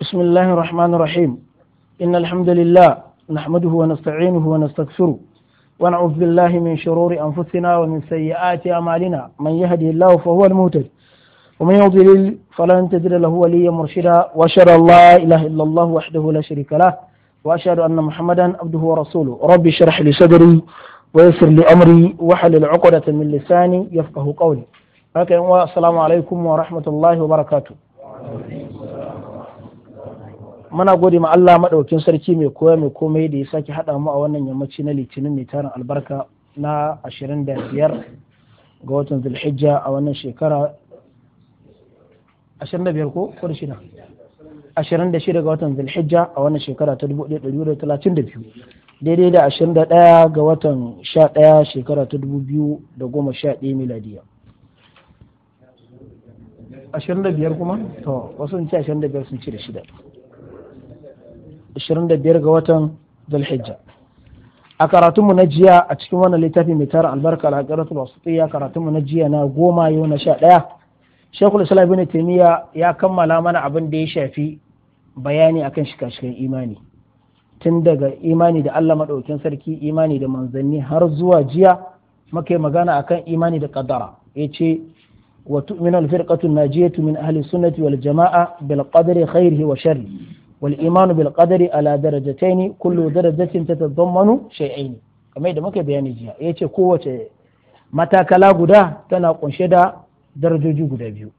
بسم الله الرحمن الرحيم إن الحمد لله نحمده ونستعينه ونستغفره ونعوذ بالله من شرور أنفسنا ومن سيئات أعمالنا من يهدي الله فهو المهتد ومن يضلل فلن تجد له وليا مرشدا وأشهد أن لا إله إلا الله وحده لا شريك له وأشهد أن محمدا عبده ورسوله رب اشرح لي صدري ويسر لي أمري واحلل عقدة من لساني يفقه قولي السلام عليكم ورحمة الله وبركاته muna gode ma Allah maɗaukin sarki mai koya mai komai da ya sake haɗa mu a wannan yammaci na litinin mai tarin albarka na 25 ga watan zulhijja a wannan shekara 25 ko ko da shida 26 ga watan zulhijja a wannan shekara ta biyu daidai da 21 ga watan 11 shekara ta 2011 miladiya 25 kuma to wasu sun ce 25 sun ci da shida 25 ga watan zulhijja a karatunmu na jiya a cikin wannan littafi mai tara albarka al-aqratul wasatiyya karatunmu na jiya na goma yau na sha ɗaya shekul islam ibn taimiyya ya kammala mana abin da ya shafi bayani akan shika-shikan imani tun daga imani da Allah maɗaukin sarki imani da manzanni har zuwa jiya yi magana akan imani da kaddara ce wa tu'minu al-firqatu najiyatu min ahli sunnati wal jama'a bil qadri khairihi wa sharri والإيمان بالقدر على درجتين كل درجة تتضمن شيئين kamar da muka bayani jiya ya ce kowace matakala guda tana kunshe da darajoji guda biyu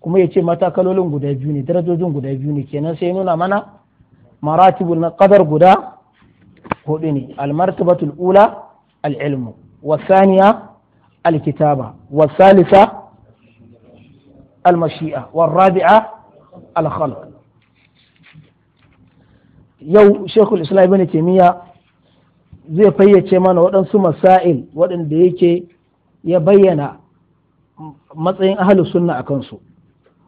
kuma ya ce matakalolin guda biyu ne darajojin guda biyu ne kenan sai nuna mana maratibul na qadar guda hudu ne almartabatul ula al-ilmu wasaniya al-kitaba wasalisa al-mashi'a Rabi'a, al-khalq yau shekul islam ibn taimiyya zai fayyace mana waɗansu masail waɗanda yake ya bayyana matsayin ahalu sunna a kansu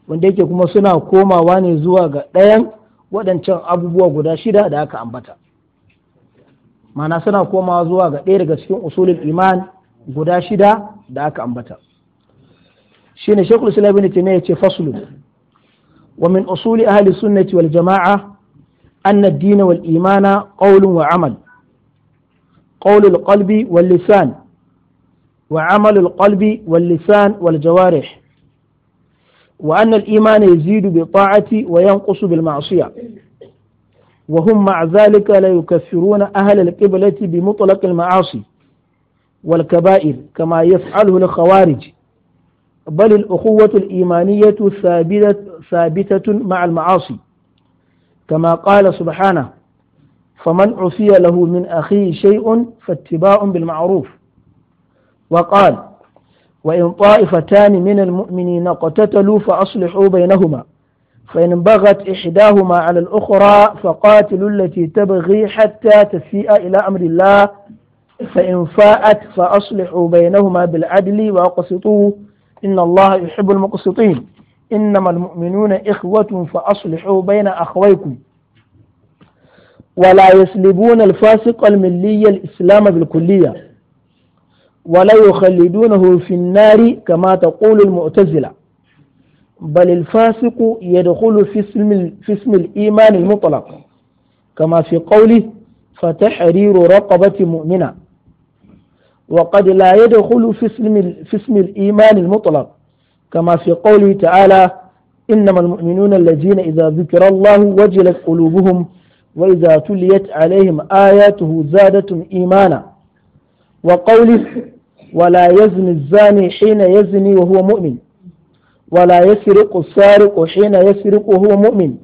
wanda yake kuma suna komawa ne zuwa ga ɗayan waɗancan abubuwa guda shida da aka ambata mana suna komawa zuwa ga ɗaya daga cikin usulul iman guda shida da aka ambata shine shekul islam ibn taimiyya ya ce faslun wa min usuli ahli sunnati jama'a أن الدين والإيمان قول وعمل قول القلب واللسان وعمل القلب واللسان والجوارح وأن الإيمان يزيد بالطاعة وينقص بالمعصية وهم مع ذلك لا يكفرون أهل القبلة بمطلق المعاصي والكبائر كما يفعله الخوارج بل الأخوة الإيمانية ثابتة, ثابتة مع المعاصي كما قال سبحانه فمن عفي له من أخيه شيء فاتباع بالمعروف وقال وإن طائفتان من المؤمنين اقتتلوا فأصلحوا بينهما فإن بغت إحداهما على الأخرى فقاتلوا التي تبغي حتى تسيء إلى أمر الله فإن فاءت فأصلحوا بينهما بالعدل وأقسطوا إن الله يحب المقسطين إنما المؤمنون إخوة فأصلحوا بين أخويكم ولا يسلبون الفاسق الملي الإسلام بالكلية ولا يخلدونه في النار كما تقول المعتزلة بل الفاسق يدخل في اسم في اسم الإيمان المطلق كما في قوله فتحرير رقبة مؤمنة وقد لا يدخل في اسم في اسم الإيمان المطلق كما في قوله تعالى إنما المؤمنون الذين إذا ذكر الله وجلت قلوبهم وإذا تليت عليهم آياته زادتهم إيمانا وقوله ولا يزني الزاني حين يزني وهو مؤمن ولا يسرق السارق حين يسرق وهو مؤمن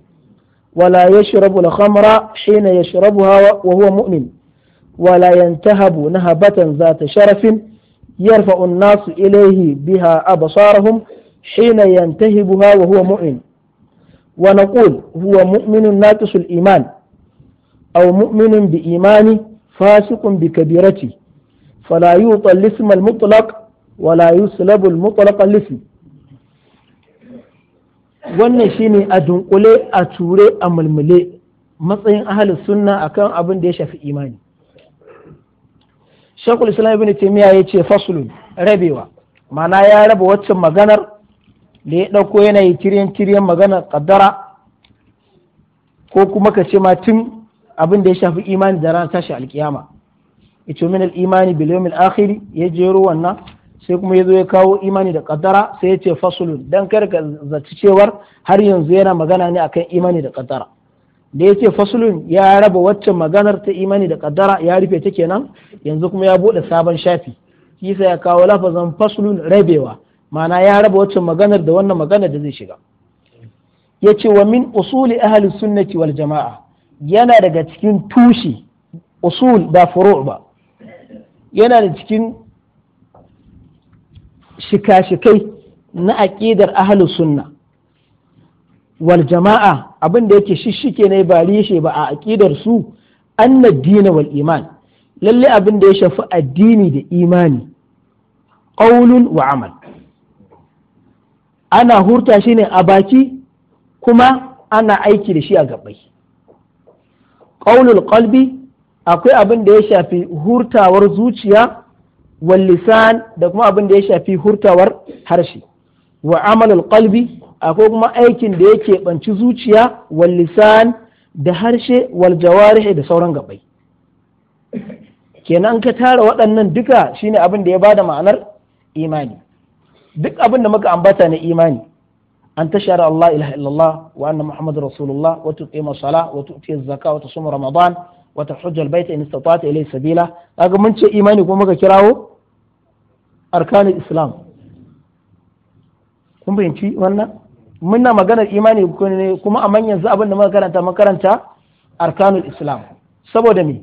ولا يشرب الخمر حين يشربها وهو مؤمن ولا ينتهب نهبة ذات شرف يرفع الناس إليه بها أبصارهم حين ينتهبها وهو مؤمن ونقول هو مؤمن ناقص الإيمان أو مؤمن بإيمانه فاسق بكبيرته فلا يوطى الاسم المطلق ولا يسلب المطلق الاسم wannan shine a dunkule a ture a mulmule matsayin ahalin sunna akan abin da ya shafi imani shekul islam ibn taimiyya ya ce fasulun rabewa ma'ana ya raba waccan maganar da ya ɗauko yana yi kiryan kiryan maganar kaddara ko kuma ka ce ma tun abin da ya shafi imani da ranar tashi alkiyama ito min al'imani imani bil ya jero wannan sai kuma ya zo ya kawo imani da kaddara sai ya ce fasulun Don kar ka zaci cewar har yanzu yana magana ne akan imani da kaddara da ya ce fasulun ya raba waccan maganar ta imani da kaddara ya rufe ta kenan yanzu kuma ya bude sabon shafi kisa ya kawo lafazin fasulun rabewa ma'ana ya raba waccan maganar da wannan maganar da zai shiga ya ce wa min usuli ahli sunnati wal jama'a yana daga cikin tushe usul da furu' ba yana da cikin shika-shikai na aƙidar ahlus sunna wal jama'a abin da yake shishike ne ba rishe ba a aqidar su anna dina wal iman lalle abin da ya shafi addini da imani qaulun wa amal ana hurta shi ne a baki kuma ana aiki da shi a gabai qaulul qalbi akwai abin da ya shafi hurtawar zuciya wal lisan da kuma abin da ya shafi hurtawar harshe wa amalul qalbi akwai kuma aikin da yake banci zuciya wal lisan da harshe wal jawarihi da sauran gabai kenan ka tara waɗannan duka shine abin da ya bada ma'anar imani duk abin da muka ambata na imani an tashar Allah ilaha illallah wa anna muhammadur rasulullah wa tuqima sala wa tu'ti zakka wa tusum ramadan wa tahujja albayta in istata'ta ilayhi sabila kaga mun ce imani kuma muka kirawo arkanul islam kun fahimci wannan muna maganar imani ne kuma a za abin da makaranta makaranta arkanul islam saboda me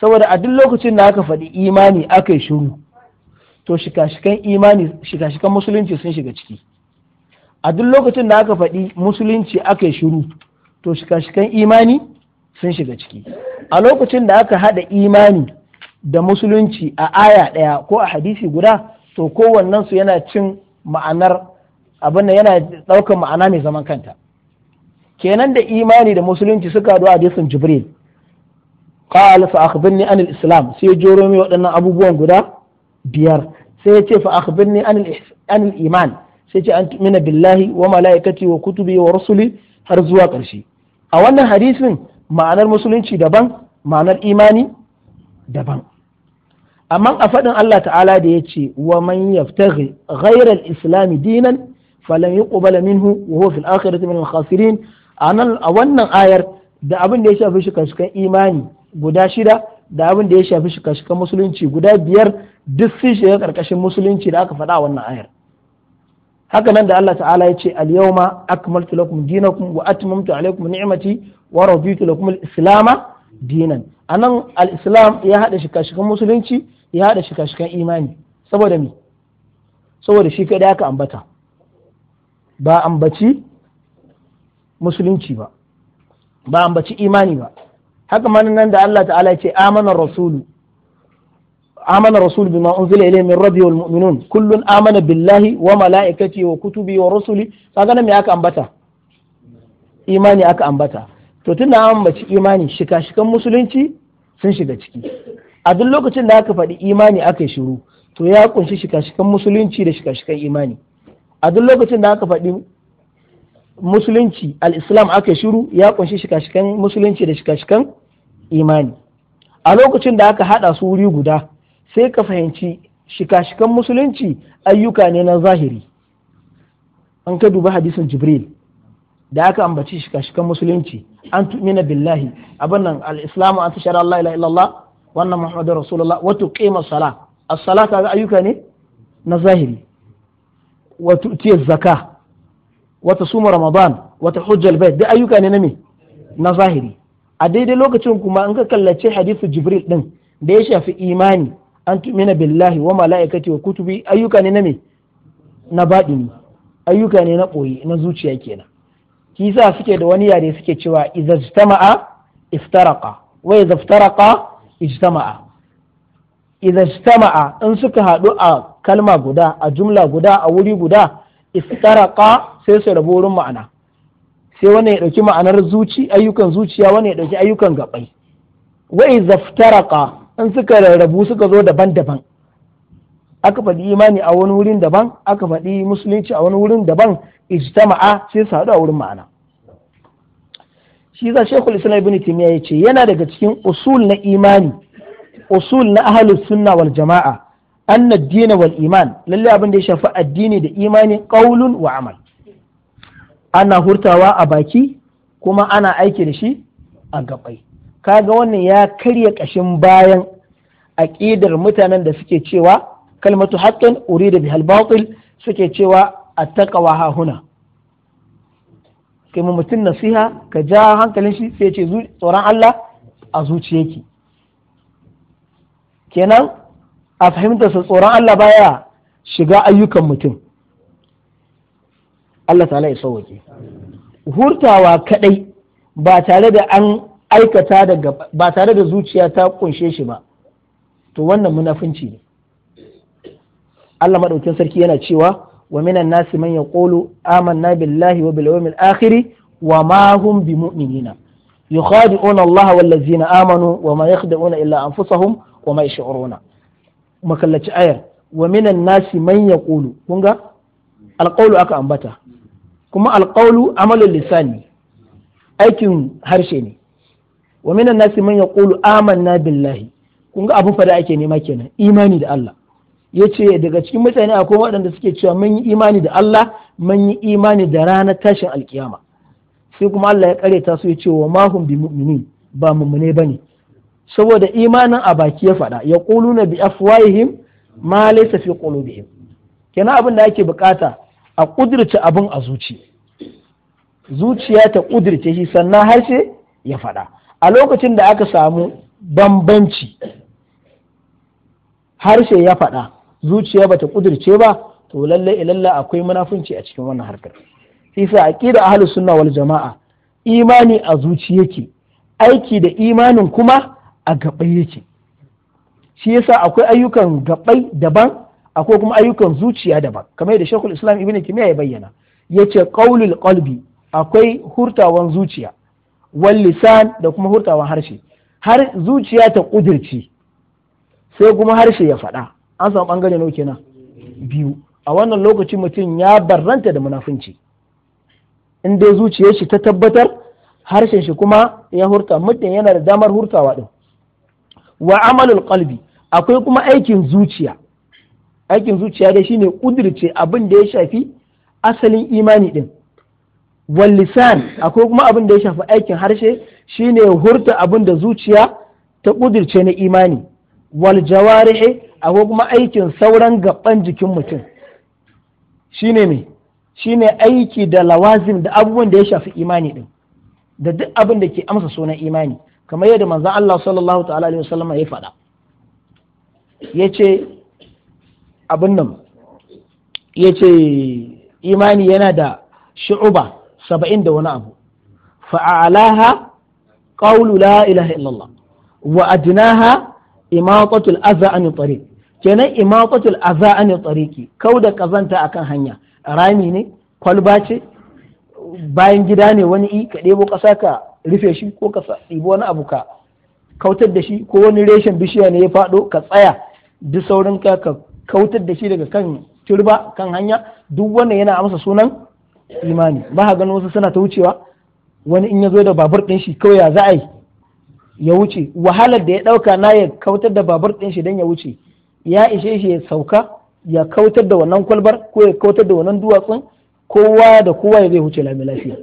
saboda a duk lokacin da aka faɗi imani aka yi shiru to shika-shikan imani shika-shikan musulunci sun shiga ciki a duk lokacin da aka faɗi musulunci aka yi shiru to shika-shikan imani sun shiga ciki a lokacin da aka haɗa imani da musulunci a aya ɗaya ko a hadisi guda to kowannensu yana cin ma'anar abin nan yana ɗaukar ma'ana mai zaman kanta kenan da imani da musulunci suka haɗu a hadisin jibril qala fa akhbirni an islam sai joro waɗannan abubuwan guda biyar sai ya ce fa akhbirni iman sai ce an tu'mina billahi wa malaikati wa kutubi wa rusuli har zuwa ƙarshe a wannan hadisin ma'anar musulunci daban ma'anar imani daban amma a faɗin Allah ta'ala da ya ce wa man yaftaghi islami dinan falan yuqbala minhu wa huwa fil min al-khasirin anan a wannan ayar da abin da ya shafi shikashikan imani guda shida da abin da ya shafi shikashikan musulunci guda biyar duk sun shiga karkashin musulunci da aka faɗa a wannan ayar haka nan da Allah ta'ala ya ce al-yawma akmaltu lakum dinakum wa atmamtu alaykum ni'mati wa raditu lakum al-islama dinan anan al-islam ya hada shikashikan musulunci ya hada shikashikan imani saboda me saboda shi kai da aka ambata ba ambaci musulunci ba ba ambaci imani ba haka man nan da Allah ta'ala ya ce amana rasulu amana rasulu bima unzila ilayhi min rabbi wal mu'minun kullun amana billahi wa malaikati wa kutubi wa rusuli kaga me aka ambata imani aka ambata to tunda an ambaci imani shika shikan musulunci sun shiga ciki a duk lokacin da aka faɗi imani aka yi shiru to ya kunshi shika shikan musulunci da shika shikan imani a duk lokacin da aka faɗi musulunci al-islam aka shiru ya kunshi shika-shikan musulunci da shika-shikan imani a lokacin da aka haɗa su wuri guda sai ka fahimci shika-shikan musulunci ayyuka ne na zahiri an ka duba hadisin jibril da aka ambaci shika-shikan musulunci an tumina billahi abin nan al-islamu an tashara Allah ila illallah wannan muhammadu rasulullah wato qima sala as-sala kaga ayyuka ne na zahiri wa tu'ti zakka wa tasuma ramadan wata tahujja albayt da ayyuka ne na me na zahiri a daidai lokacin kuma in ka kallace hadithu jibril din da ya shafi imani an tumina billahi wa mala'ikati wa kutubi ayyuka ne na me na baɗini ayyuka ne na ɓoye na zuciya kenan kisa suke da wani yare suke cewa idza ijtama'a iftaraqa wa idza iftaraqa ijtama'a idza ijtama'a in suka haɗu a kalma guda a jumla guda a wuri guda istaraka sai su rabu wurin ma'ana sai wani ya dauki ma'anar zuci ayyukan zuciya wani ya dauki ayyukan gabai wai zaftaraka in suka rarrabu suka zo daban-daban aka faɗi imani a wani wurin daban aka faɗi musulunci a wani wurin daban ijtama'a sai su haɗu a wurin ma'ana shi za shekul islam ibn timiya ya ce yana daga cikin usul na imani usul na ahlus sunna wal jama'a anna dina wal iman lalle abin da ya shafi addini da imani qaulun wa amal ana hurtawa a baki kuma ana aiki da shi a gabai kaga wannan ya karya kashin bayan aqidar mutanen da suke cewa kalmatu haqqin urida bihal batil suke cewa attaqwa ha huna kai mu mutum nasiha ka ja hankalin shi sai ce tsoron Allah a zuciyarki kenan a fahimtarsa tsoron Allah baya shiga ayyukan mutum Allah ta'ala ya sauwake hurtawa kadai ba tare da an aikata daga ba tare da zuciya ta kunshe shi ba to wannan munafunci ne Allah maɗaukin sarki yana cewa wa minan nasi man yaqulu amanna billahi wa bil yawmil akhir wa ma hum bimu'minina yukhadi'una Allah wal ladzina amanu wa ma yakhda'una illa anfusahum wa ma yash'uruna makallaci ayar wa minan nasi man ƙulu. kun ga alƙaulu aka ambata kuma alƙaulu amalin lisani aikin harshe ne wa minan nasi man ƙulu amanna billahi kun ga abin fada ake nema kenan imani da Allah Ya ce daga cikin mutane akwai waɗanda suke cewa mun yi imani da Allah mun yi imani da ranar tashin alkiyama sai kuma Allah ya kare ta su ya ce wa mahum bi mu'minin ba mummune bane saboda imanin a baki ya faɗa ya ƙulu na bi afwahihim ma laisa fi qulubihim kenan abin da ake bukata a kudirce abin a zuci zuciya ta kudirce shi sannan harshe ya faɗa a lokacin da aka samu bambanci harshe ya faɗa zuciya bata kudirce ba to lalle ilalla akwai munafunci a cikin wannan harkar isa aqida ahlus sunna wal jamaa imani a zuci yake aiki da imanin kuma a gabai yake shi yasa akwai ayyukan gaɓai daban akwai kuma ayyukan zuciya daban kamar yadda shekul islam ibn kimiyya ya bayyana yace qaulul qalbi akwai hurtawan zuciya wal lisan da kuma hurtawan harshe har zuciya ta kudirci sai kuma harshe ya faɗa an samu bangare nawa kenan biyu a wannan lokacin mutum ya barranta da munafunci in dai zuciyar shi ta tabbatar harshen shi kuma ya hurta mutum yana da damar hurtawa din wa amalul qalbi akwai kuma aikin zuciya aikin zuciya dai shine kudirce abin da ya shafi asalin imani din wal lisan akwai kuma abin da ya shafi aikin harshe shine hurta abin da zuciya ta kudirce na imani wal jawarihi akwai kuma aikin sauran gaban jikin mutum shine me shine aiki da lawazim da abubuwan da ya shafi imani din da duk abin da ke amsa sunan imani kamar yadda manzon Allah sallallahu ta'ala alaihi wasallam ya faɗa yace abin nan yace imani yana da shu'uba saba'in da wani abu fa'alaha qawlu la ilaha illallah wa adnaha imaqatul adha an tariq kenan imaqatul adha an Kau da kazanta akan hanya rami ne kwalba ce bayan gida ne wani i ka ɗebo ƙasa ka rufe shi ko ka ɗibi wani abu ka kautar da shi ko wani reshen bishiya ne ya faɗo ka tsaya duk saurin ka ka kautar da shi daga kan turba kan hanya duk wannan yana amsa sunan imani ba ka wasu suna ta wucewa wani in ya zo da babur ɗin shi kawai ya za a ya wuce wahalar da ya ɗauka na ya kautar da babur ɗin shi don ya wuce ya ishe shi ya sauka ya kautar da wannan kwalbar ko ya kautar da wannan duwatsun kowa da kowa ya zai wuce lami lafiya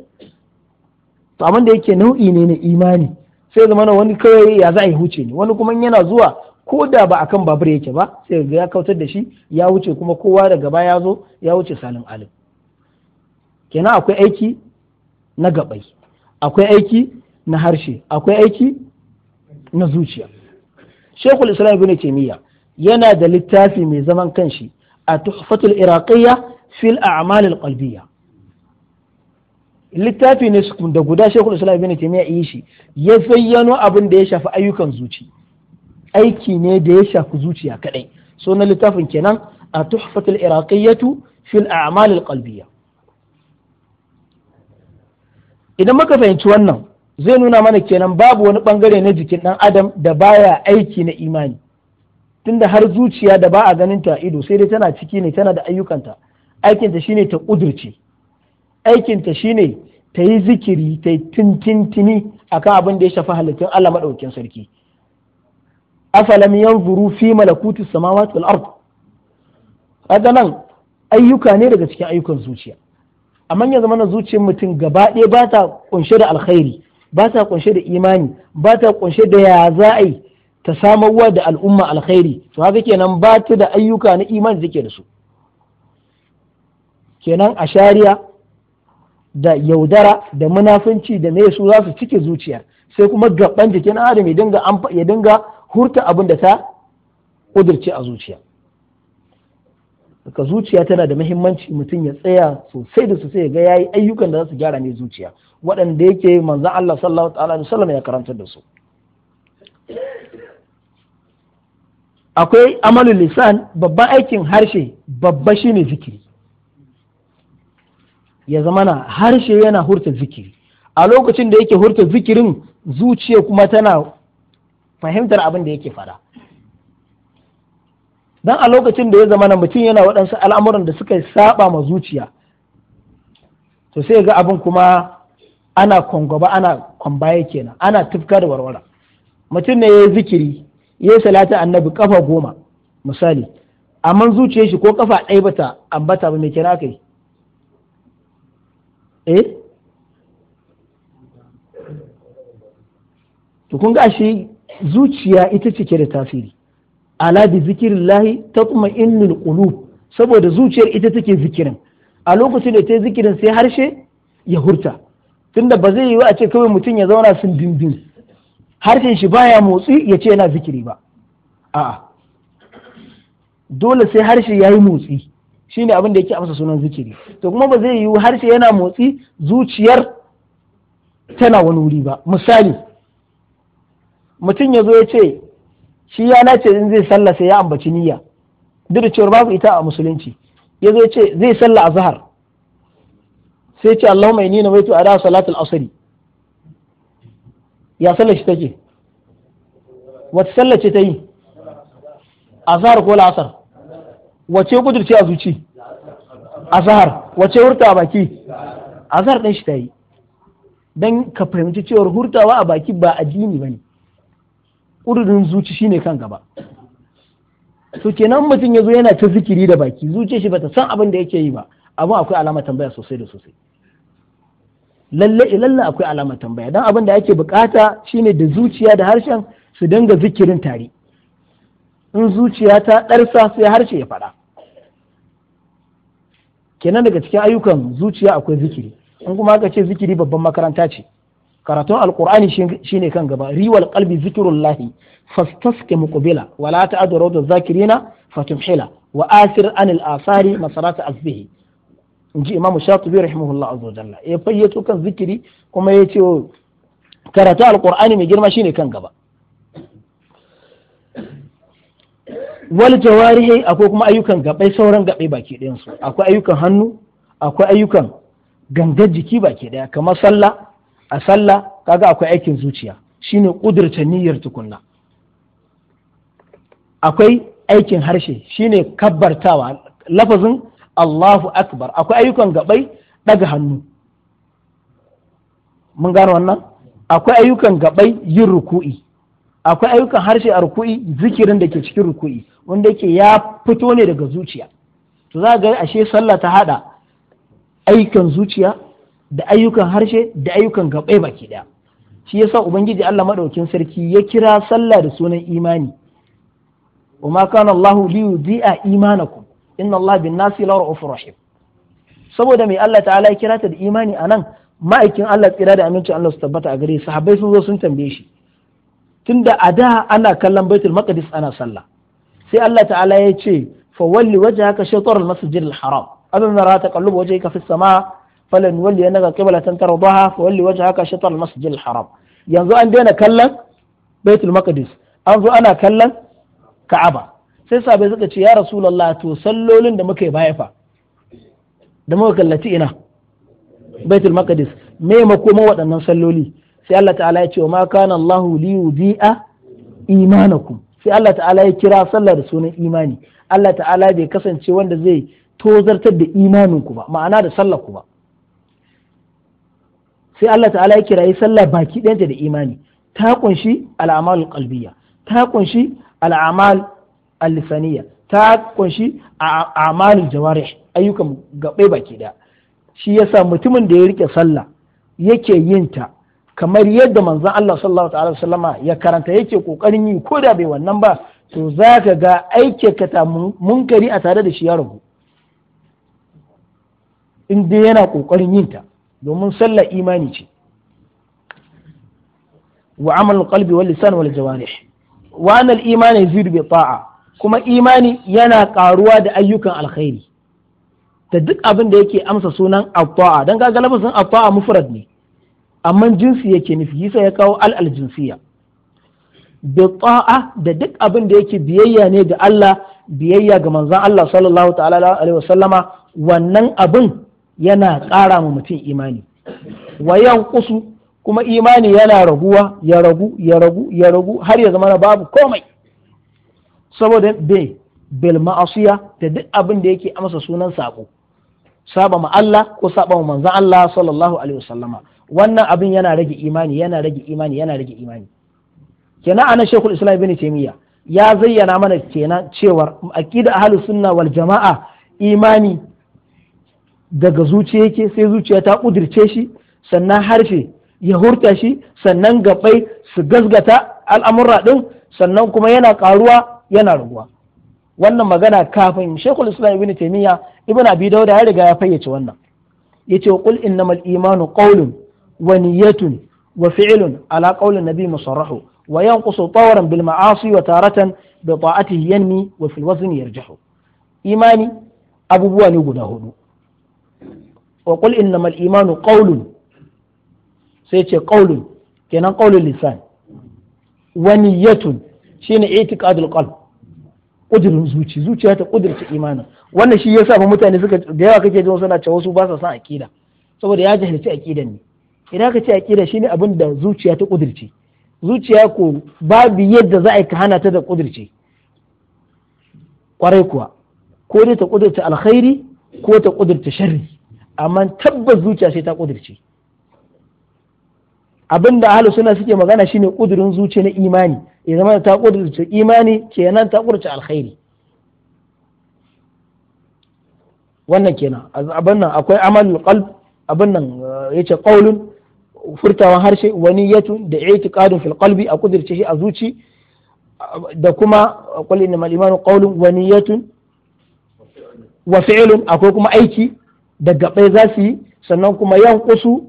to abin da yake nau'i ne na imani sai zama na wani kawai ya za a yi huce ne wani kuma yana zuwa ko da ba a kan babur yake ba sai ga ya kautar da shi ya wuce kuma kowa daga baya ya zo ya wuce salin alim kenan akwai aiki na gabai akwai aiki na harshe akwai aiki na zuciya shekul islam ibn taymiya yana da littafi mai zaman kanshi a tuhfatul iraqiyya fil a'mal al qalbiyya littafi ne da guda shekul islam ibn taymiya yi shi ya zayyano abin da ya shafi ayyukan zuci aiki ne da ya shafi zuciya kadai so na littafin kenan a tuhfatul iraqiyatu fil a'mal al qalbiyya idan muka fahimci wannan zai nuna mana kenan babu wani bangare na jikin dan adam da baya aiki na imani tunda har zuciya da ba a ganin ta ido sai dai tana ciki ne tana da ayyukanta aikinta shine ta kudurce aikinta shine ta yi zikiri ta yi tintintini akan abin da ya shafi halittun Allah maɗaukin sarki afalam zuru fi malakutu samawa wal ard kaga nan ayyuka ne daga cikin ayyukan zuciya amma zama na zuciyar mutum gaba ɗaya ba ta kunshe da alkhairi ba ta kunshe da imani ba ta kunshe da ya za a yi ta samarwa da al'umma alkhairi to haka kenan ba ta da ayyuka na imani take da su kenan a shari'a da yaudara da munafunci da mai su za su cike zuciyar sai kuma gaban jikin adam ya dinga hurta abin da ta kudurce a zuciya daga zuciya tana da muhimmanci mutum ya tsaya sosai da sosai ga yayi ayyukan da za su gyara ne zuciya waɗanda yake manzon Allah sallallahu alaihi wasallam ya karantar da su akwai amalul lisan babban aikin harshe babba shine zikiri ya zamana harshe yana hurta zikiri a lokacin da yake hurta zikirin zuciya kuma tana fahimtar abin da yake fada dan a lokacin da ya zamana mutum yana waɗansu al'amuran da suka saba ma zuciya to sai ga abin kuma ana kwangwaba ana kwambaye kenan ana tufka da warwara mutum ne ya yi zikiri ya yi salata annabi kafa goma misali amma zuciyar shi ko kafa ɗaya bata ambata ba mai kira kai eh to kun ga shi zuciya ita ce ke da tasiri ala bi zikirillahi tatma'innul qulub saboda zuciyar ita take zikirin a lokacin da ta zikirin sai harshe ya hurta tunda ba zai yi wa a ce kawai mutum ya zauna sun dindin harshen shi baya motsi ya ce yana zikiri ba a'a dole sai harshe ya yi motsi Shi ne abin da yake amsa sunan zikiri to kuma ba zai yiwu har sai yana motsi zuciyar tana wani wuri ba misali mutum ya zo ya ce shi ya nace in zai salla sai ya ambaci niyya duk da cewa babu ita a musulunci ya zo ya ce zai a zahar. sai ce Allahumma inni nawaitu ada salatul asri ya sallar shi take wata sallar ce ta yi azhar ko la'asar wace ce a zuci zahar wace hurta a baki zahar ɗin shi ta yi don ka fahimci cewar hurtawa a baki ba addini ba ne ƙudurin zuci shine kan gaba to kenan mutum ya zo yana ta zikiri da baki zuciya shi bata san abin da yake yi ba abin akwai alama tambaya sosai da sosai lalle lalle akwai alama tambaya don abin da ake bukata shine da zuciya da harshen su dinga zikirin tare in zuciya ta ɗarsa sai harshe ya faɗa kenan daga cikin ayyukan zuciya akwai zikiri in kuma aka ce zikiri babban makaranta ce karatun alqur'ani shine kan gaba riwal qalbi zikrullahi fasfaske mukubila wala ta'duru da zakirina fatumhila wa asir anil asari masarata azbihi inji imamu shatibi rahimahullah azza jalla ya fayyato kan zikiri kuma ya ce oh, karatu alqur'ani mai girma shine kan gaba wal jawarihi akwai kuma ayyukan gabai sauran gabai baki ɗayan su akwai ayyukan hannu akwai ayyukan gangar jiki baki ɗaya kamar sallah a sallah kaga akwai aikin zuciya shine kudurta niyyar tukunna akwai aikin harshe shine kabbartawa lafazin Allahu akbar akwai ayyukan gabai daga hannu mun gano wannan akwai ayyukan gabai yin ruku'i akwai ayyukan harshe a ruku'i zikirin da ke cikin ruku'i wanda yake ya fito ne daga zuciya to za ga ashe sallah ta hada ayyukan zuciya da ayyukan harshe da ayyukan gabai baki daya shi yasa ubangiji Allah madaukin sarki ya kira sallah da sunan imani wa kana Allah li imanakum inna Allah bin nasi la ra'ufur rahim saboda mai Allah ta'ala ya kira ta da imani anan ma'aikin Allah tsira da amincin Allah su tabbata a gare sahabbai sun zo sun tambaye shi tunda a da ana kallon baitul maqdis ana sallah sai Allah ta'ala ya ce fa walli wajhaka shatr al-masjid al-haram adan nara taqallubu wajhika fi sama falan walli annaka qiblatan tardaha fa walli wajhaka shatr al-masjid al-haram yanzu an daina kallon baitul maqdis an zo ana kallon ka'aba sai sabai suka ce ya rasulullah to sallolin da muka yi baya fa da muka kallaci ina baitul maqdis me makoma waɗannan salloli sai Allah ta'ala ya ce wa ma kana Allahu li yudi'a imanakum sai Allah ta'ala ya kira sallah da sunan imani Allah ta'ala bai kasance wanda zai tozartar da imaninku ba ma'ana da sallah ku ba sai Allah ta'ala ya kirayi sallah baki ɗayanta da imani ta kunshi al'amal qalbiyya ta kunshi al'amal al-lisaniyya ta kunshi a'mal jawarih ayyukan gabe baki ɗaya shi yasa mutumin da ya rike sallah yake yin ta kamar yadda manzon Allah sallallahu alaihi wasallama ya karanta yake kokarin yi ko da bai wannan ba to za ka ga aikata munkari a tare da shi ya ragu in dai yana kokarin yin ta domin sallah imani ce wa amal qalbi wal lisan wal jawarih wa anal imani yazidu bi ta'a kuma imani yana karuwa da ayyukan alkhairi da duk abin da yake amsa sunan at-ta'a dan ga galaba sun at-ta'a mufrad ne amma jinsi yake nufi yisa ya kawo al'al jinsiya da ta'a da duk abin da yake biyayya ne ga Allah biyayya ga manzan Allah sallallahu alaihi wasallama wannan abin yana ƙara ma mutum imani wa yanqusu kuma imani yana raguwa ya ragu ya ragu ya ragu har ya zama babu komai saboda be bil ma'asiya da duk abin da yake amsa sunan sako saba ma Allah ko saba ma manzan Allah sallallahu alaihi wasallama wannan abin yana rage imani yana rage imani yana rage imani kenan anan shekul islam ibn taymiya ya zayyana mana kenan cewar aqida ahlus sunna wal jamaa imani daga zuciya yake sai zuciya ta kudirce shi sannan harfe ya hurta shi sannan gabai su gazgata al'amurra din sannan kuma yana karuwa yana raguwa wannan magana kafin shekul islam ibn taymiya ibn abi dauda ya riga ya fayyace wannan yace qul innamal imanu qawlun ونية وفعل على قول النبي مصرح وينقص طورا بالمعاصي وتارة بطاعته ينمي وفي الوزن يرجح إيماني أبو بواني قداهون وقل إنما الإيمان قول سيتي قول كان قول اللسان ونية شين اعتقاد القلب قدر zuci zuciya هذا ƙudurta إيمانا wannan shi yasa ba mutane suka da yawa kake jin suna cewa su ba sa san akida saboda ya jahilci akidan ne Ina ka ce aqida shine abin da zuciya ta kudirce zuciya ko babu yadda za a ka hana ta da kudirce kwarai kuwa ko dai ta kudirce alkhairi ko ta kudirce sharri amma tabbas zuciya sai ta kudirce abin da ahalu suna suke magana shine kudurin zuciya na imani ya zama ta kudirce imani kenan ta kudirce alkhairi wannan kenan abin nan akwai amalul qalb abin nan eh, yace qaulun furtawan harshe ya tun, da i'tiqadun fil qalbi a kudirce shi a zuci da kuma qul innamal imanu qawlun wa niyyatun wa fi'lun akwai kuma aiki da gabai za su yi sannan kuma yanqusu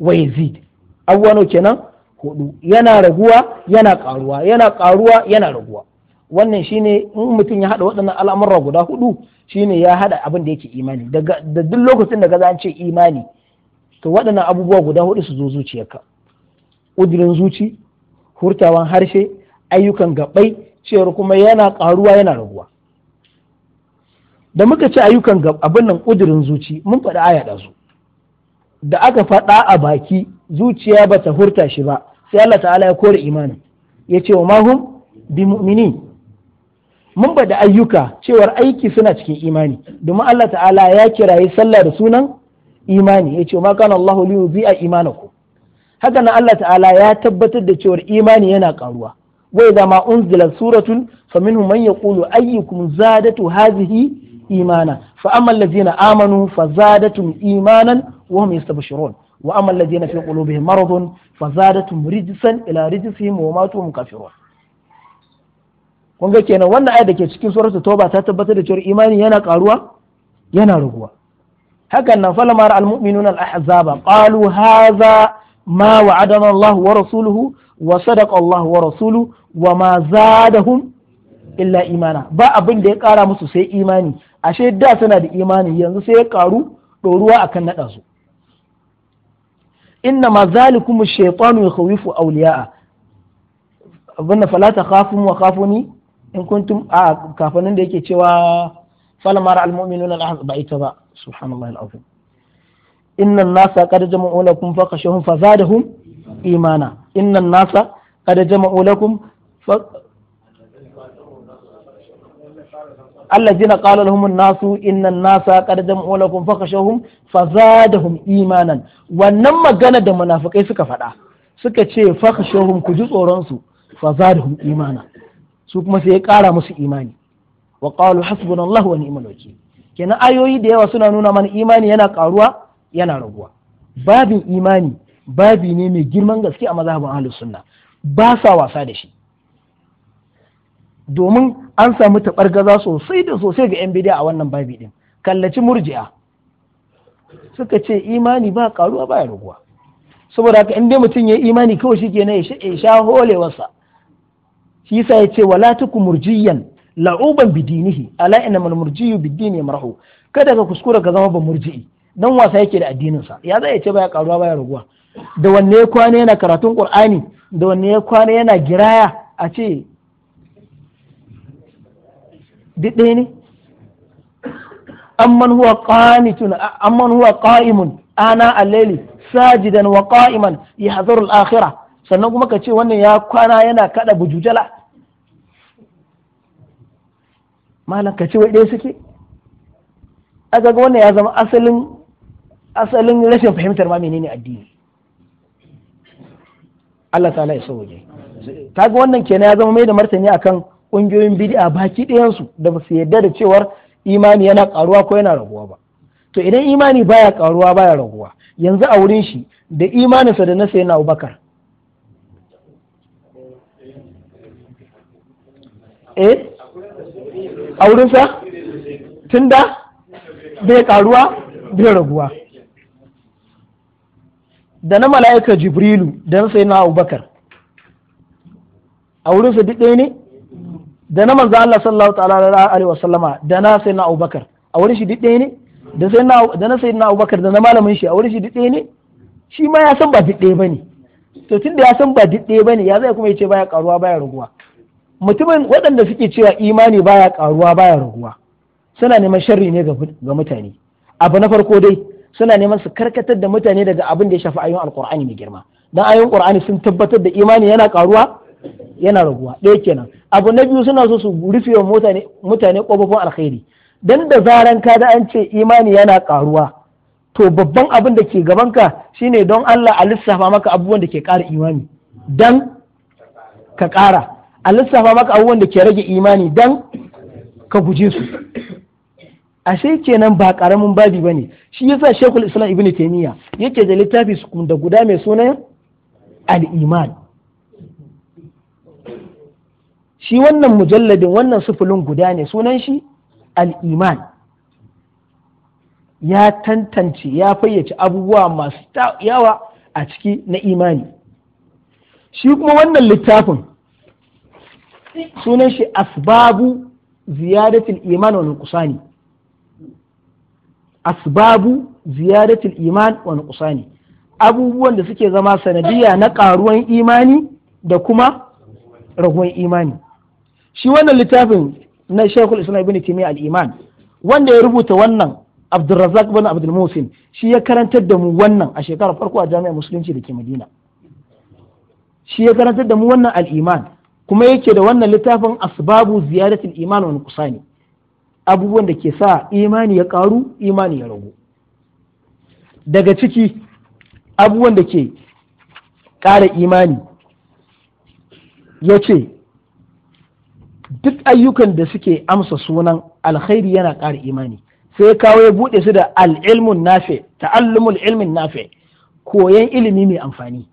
wa yazid awwano kenan hudu yana raguwa yana karuwa yana karuwa yana raguwa wannan shine in mutum ya hada waɗannan al'amura guda hudu shine ya hada abin da yake imani da duk lokacin da za an ce imani to waɗannan abubuwa guda hudu su zo zuciyarka ƙudurin zuci hurtawan harshe ayyukan gaɓai cewar kuma yana ƙaruwa yana raguwa da muka ci ayyukan abin nan ƙudurin zuci mun faɗi aya da su da aka faɗa a baki zuciya ba ta hurta shi ba sai Allah ta'ala ya kore imanin ya ce wa mahum bi mu'mini mun faɗi ayyuka cewar aiki suna cikin imani domin Allah ta'ala ya kiraye sallah da sunan imani yace ma kana Allahu li a imanaku, haka na Allah ta'ala ya tabbatar da cewar imani yana karuwa wai da ma unzila suratun faminhum man yaqulu ayyukum zadatu hazihi imana fa amma alladhina amanu fazadatum imanan wa hum yastabshirun wa amma alladhina fi qulubihim maradun fazadatum rijsan ila rijsihim wa matu hum kafirun kun ga kenan wannan ayat da ke cikin suratul tauba ta tabbatar da cewar imani yana karuwa yana raguwa hakan nan falamar almu'minuna al-ahzaba qalu hadha ma wa'adana Allah wa rasuluhu wa sadaqa Allah wa rasuluhu wa ma zadahum illa imana ba abin da ya kara musu sai imani ashe da suna da imani yanzu sai ya karu ɗoruwa akan naɗa su inna ma zalikum shaytanu yakhawifu awliya'a abinda fala ta wa khafuni in kuntum a kafanin da yake cewa falamma ra'al mu'minuna al ba ita ba subhanallahi al-azim innan nasa qad jama'u lakum fakashahum fazadahum imana innan nasa qad jama'u الذين قال لهم الناس إن الناس قد جمعوا لكم فخشوهم فزادهم إيمانا wannan magana da munafikai suka faɗa suka ce fakhshawhum ku ji tsoron su fazadhum imana su kuma sai ya ƙara musu imani wa qalu hasbunallahu wa ni'mal wakil kenan ayoyi da yawa suna nuna mana imani yana karuwa yana raguwa babin imani babi ne mai girman gaske a mazhabin ahlus sunna ba sa wasa da shi domin an samu taɓargaza sosai da sosai ga 'yan bida a wannan babi din kallaci murji'a suka ce imani ba karuwa ba raguwa saboda haka in dai mutum ya imani kawai shi na ya sha holewarsa shi yasa ya ce wala tuku murjiyan la'uban bidinihi ala inna mal murji'u bidini marhu kada ka kuskura ka zama ba murji'i dan wasa yake da addinin sa ya zai ce baya karuwa baya raguwa da wanne ya kwana yana karatun qur'ani da wanne ya kwana yana giraya a ce duk ɗaya ne amman huwa qanitun amman huwa qa'imun ana al-layli sajidan wa qa'iman yahdharu al-akhirah sannan kuma ka ce wannan ya kwana yana kada bujujala malam ka ce wai ɗaya suke A ga wannan ya zama asalin asalin rashin fahimtar ma menene addini Allah ta ya sauke ga wannan kenan ya zama mai da martani akan ƙungiyoyin bid'a baki ɗayansu da ba su yarda da cewar imani yana ƙaruwa ko yana raguwa ba to idan imani baya ƙaruwa baya raguwa yanzu a wurin shi da imaninsa da na sayi na Abubakar eh aurinsa tunda bai karuwa bai raguwa da na mala'ika jibrilu da na sayi na abubakar sa duk ɗaya ne da na manzo Allah sallallahu ta'ala alaihi wa sallama da na sai na abubakar wurin shi duk ɗaya ne da na sayi na abubakar da na malamin shi a wurin shi duk ɗaya ne shi ma ya san ba duk ɗaya ba ne to tun da ya san ba duk ɗaya ba ne ya zai kuma ya ce baya karuwa baya raguwa mutumin waɗanda suke cewa imani baya karuwa baya raguwa suna neman sharri ne ga mutane abu na farko dai suna neman su karkatar da mutane daga abin da ya shafi ayoyin alkur'ani mai girma dan ayoyin qur'ani sun tabbatar da imani yana karuwa yana raguwa ɗaya kenan abu na biyu suna so su rufe wa mutane mutane kofofin alkhairi dan da zaran ka da an ce imani yana karuwa to babban abin da ke gabanka shine don Allah a lissafa maka abubuwan da ke ƙara imani dan ka ƙara a lissafa maka abubuwan da ke rage imani dan ka guje su ashe kenan ba karamin babi bane shi yasa shekul islam ibnu taimiyya yake da littafi su da guda mai sunan al shi wannan mujalladin wannan sufulin guda ne sunan shi al'iman. ya tantance ya fayyace abubuwa masu yawa a ciki na imani shi kuma wannan littafin sunan shi asbabu ziyadatul iman wa nuqsani asbabu ziyadatul iman wa nuqsani abubuwan da suke zama sanadiyya na karuwan imani da kuma raguwan imani shi wannan littafin na Sheikhul Islam Ibn Taymiyyah al-Iman wanda ya rubuta wannan Abdulrazak bin Abdul Musin shi ya karantar da mu wannan a shekarar farko a Jami'ar Musulunci da ke Madina shi ya karantar da mu wannan al-Iman kuma yake da wannan littafin asbabu ziyaratul iman wa nuqsani abubuwan da ke sa imani ya karu imani ya ragu daga ciki abubuwan da ke ƙara imani ya ce duk ayyukan da suke amsa sunan alkhairi yana ƙara imani sai kawo ya bude su da al'ilmun nafi' ta'allumul ilmin nafi' koyan ilimi mai amfani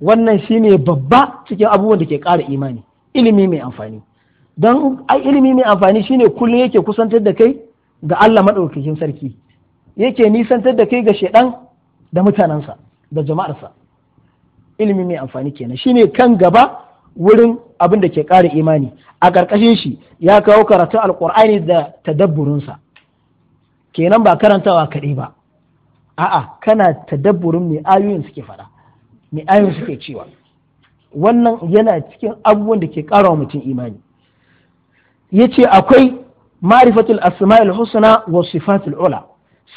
wannan shine babba cikin abubuwan da ke ƙara imani ilimi mai amfani don ilimi mai amfani shine kullum yake kusantar da kai ga Allah maɗaukakin sarki yake nisantar da kai ga shaɗan da mutanensa da jama'arsa ilimi mai amfani kenan shine kan gaba wurin abin da ke ƙara imani a ƙarƙashin shi ya kawo karatu alƙur'ani da tadabburinsa kenan ba karantawa kaɗai ba a'a kana tadabburin mai ayoyin suke faɗa mai ayoyin suke cewa wannan yana cikin abubuwan da ke karawa mutum imani Ya ce akwai ma'rifatul asma'il husna wa sifatul ula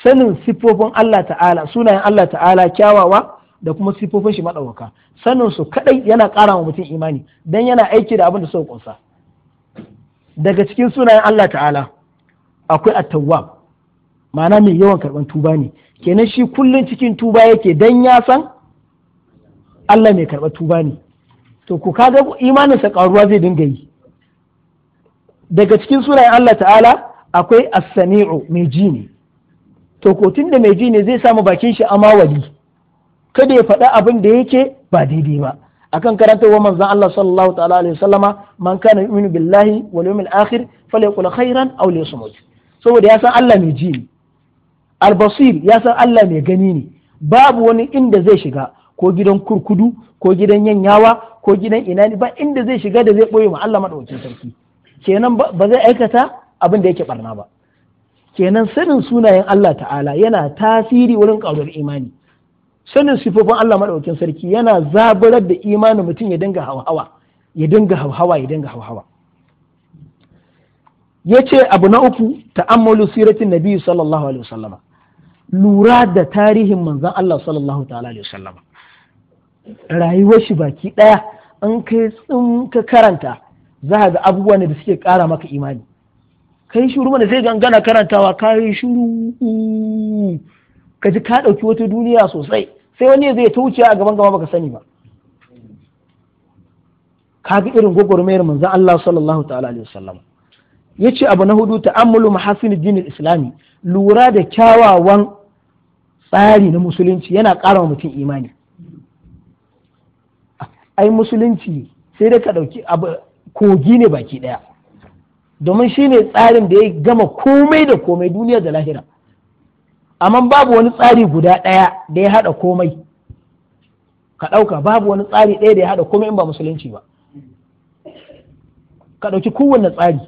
sanin sifofin Allah ta'ala sunayen Allah ta'ala kyawawa da kuma sifofin shi madawaka sanin su kadai yana ƙarawa mutum imani dan yana aiki da abin da suka sa daga cikin sunayen Allah ta'ala akwai at-tawwab ma'ana mai yawan karban tuba ne kenan shi kullun cikin tuba yake dan ya san Allah mai karɓar tuba ne to ku kaga imaninsa ƙaruwa zai dinga yi daga cikin sunayen Allah ta'ala akwai as-sami'u mai ji ne to ko tunda mai ji ne zai samu bakin shi amawali kada ya faɗa abin da yake ba daidai ba akan karantarwa manzon Allah sallallahu ta'ala alaihi wasallama man kana yu'minu billahi wal yawmil akhir falyaqul khairan aw liyasmut saboda ya san Allah mai ji ne al-basir ya san Allah mai gani ne babu wani inda zai shiga ko gidan kurkudu ko gidan yanyawa ko gidan ina ba inda zai shiga da zai ɓoye ma Allah maɗaukakin sarki kenan ba zai aikata abin da yake barna ba kenan sanin sunayen Allah ta'ala yana tasiri wurin ƙaurar imani sanin sifofin Allah maɗaukakin sarki yana zaburar da imanin mutum ya dinga hauhawa ya dinga hauhawa ya dinga hauhawa yace abu na uku ta'ammalu siratin nabi sallallahu alaihi wasallama lura da tarihin manzon Allah sallallahu ta'ala alaihi wasallama rayuwar shi baki ɗaya an kai tsin ka karanta za ga abubuwa da suke ƙara maka imani kai shuru mana sai gangana karantawa kai shuru ka ji ka ɗauki wata duniya sosai sai wani zai ta wuce a gaban gaba baka sani ba ka ga irin gwagwarmayar manzon Allah sallallahu ta'ala alaihi wasallam yace abu na hudu ta'ammulu mahasin dinin islami lura da kyawawan tsari na musulunci yana ƙara wa mutum imani ai musulunci sai dai ka ɗauki abu kogi ne baki ɗaya domin shi ne tsarin da ya gama komai da komai duniya da lahira amma babu wani tsari guda ɗaya da ya haɗa komai ka ɗauka babu wani tsari ɗaya da ya haɗa komai in ba musulunci ba ka ɗauki kowanne tsari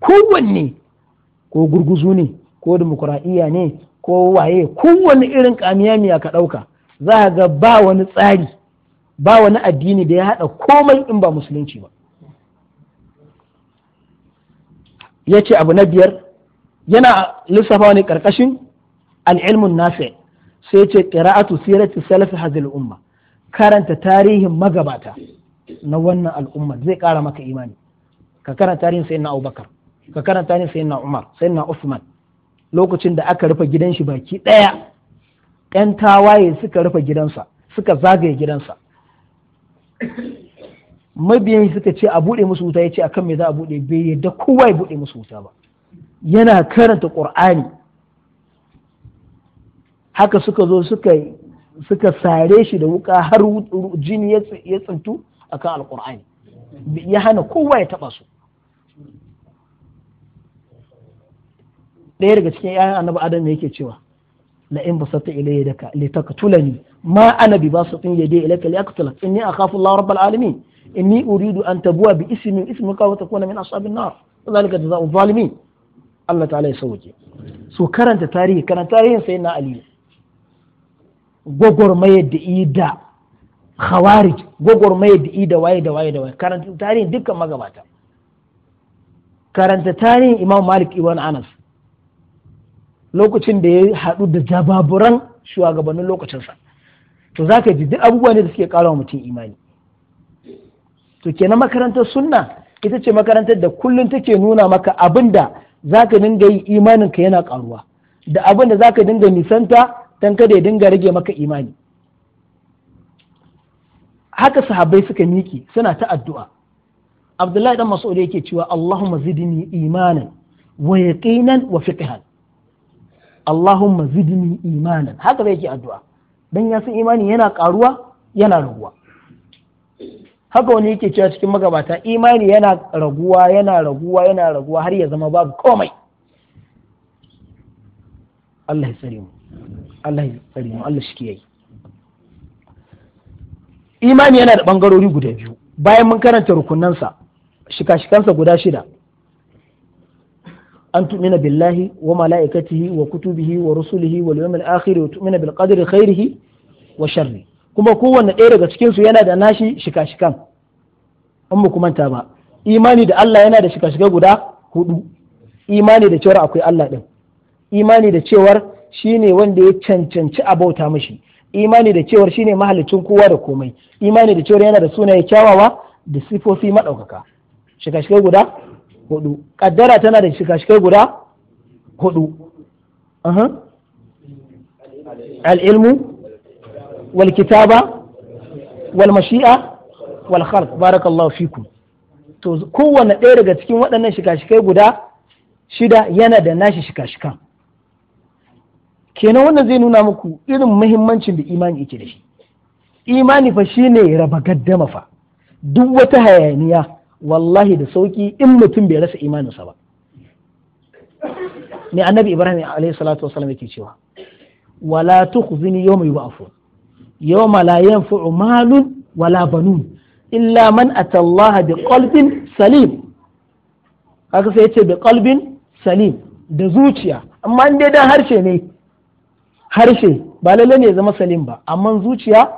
kowanne ko gurguzu ne ko demokuraɗiyya ne ko waye kowanne irin kamiyamiya ka ɗauka za ga ba wani tsari ba wani addini da ya haɗa komai in ba musulunci ba ya ce abu na biyar yana lissafa wani ƙarƙashin al'ilmun nafi sai ce ƙira'atu sirati salafi hazil umma karanta tarihin magabata na wannan al'umma zai ƙara maka imani ka karanta tarihin na abubakar ka karanta tarihin na umar na usman lokacin da aka rufe gidan shi baki ɗaya 'yan tawaye suka rufe gidansa suka zagaye gidansa mabiyan suka ce a buɗe musu wuta ya ce akan me za a buɗe bai yadda kowa ya buɗe musu wuta ba yana karanta ƙur'ani haka suka zo suka sare shi da wuka har jini ya tsintu akan alƙur'ani ya hana kowa ya taɓa su ɗaya daga cikin 'ya'yan annabi adam yake cewa la in basata ilayya daka li taqtulani ma ana bi basatin yadi ilayka li aqtulak inni akhafu Allah rabbal alamin inni uridu an tabwa bi ismi ismika wa takuna min ashabin nar zalika jazaa'u zalimin Allah ta'ala ya sauke so karanta tarihi karanta tarihin sayyidina Ali gwagwarmayar da yi da khawarij gwagwarmayar da yi da waye da waye da waye karanta tarihin dukkan magabata karanta tarihin Imam Malik ibn Anas lokacin da ya haɗu da jababuran shugabannin lokacinsa to za ka ji duk abubuwa ne da suke ƙara wa mutum imani to kenan makarantar sunna ita ce makarantar da kullum take nuna maka abin da za ka dinga yi imanin ka yana ƙaruwa da abin da za ka dinga nisanta don kada ya dinga rage maka imani haka sahabbai suka miki suna ta addu'a abdullahi dan mas'ud yake cewa allahumma zidni imanin wa yaqinan wa fiqhan Allahumma zidni imanan haka zai ke addu'a dan ya san imani yana karuwa yana raguwa haka wani yake cewa cikin magabata imani yana raguwa yana raguwa yana raguwa har ya zama babu komai Allah ya tsare mu Allah ya tsare mu Allah shi imani yana da ɓangarori guda biyu bayan mun karanta rukunansa shika-shikansa guda shida an tu'mina billahi wa mala'ikatihi wa kutubihi wa rusulihi wal yawmil akhir wa tu'mina bil qadri khairihi wa sharri kuma kowanne ɗaya daga cikin su yana da nashi shika-shikan an mu manta ba imani da Allah yana da shika-shika guda hudu imani da cewar akwai Allah din imani da cewar shine wanda ya cancanci a bauta mashi imani da cewar shine mahalicin kowa da komai imani da cewar yana da sunaye kyawawa da sifofi maɗaukaka shika shiga guda hudu kaddara tana da shika-shikai guda hudu al'ilmu wal kitaba wal mashi'a wal khalq barakallahu fikum to kowanne ɗaya daga cikin waɗannan shika-shikai guda shida yana da nashi shika-shikan kenan wannan zai nuna muku irin muhimmancin da imani yake da shi imani fa shine raba gaddama fa duk wata hayaniya wallahi da sauki in mutum bai rasa imaninsa ba me annabi ibrahim alaihi salatu wasallam yake cewa wala tukhzini yawma yub'athun yawma la yanfa'u malun wala banun illa man atallaha bi qalbin salim haka sai yace bi qalbin salim da zuciya amma inda dan harshe ne harshe ba lalle ne ya zama salim ba amma zuciya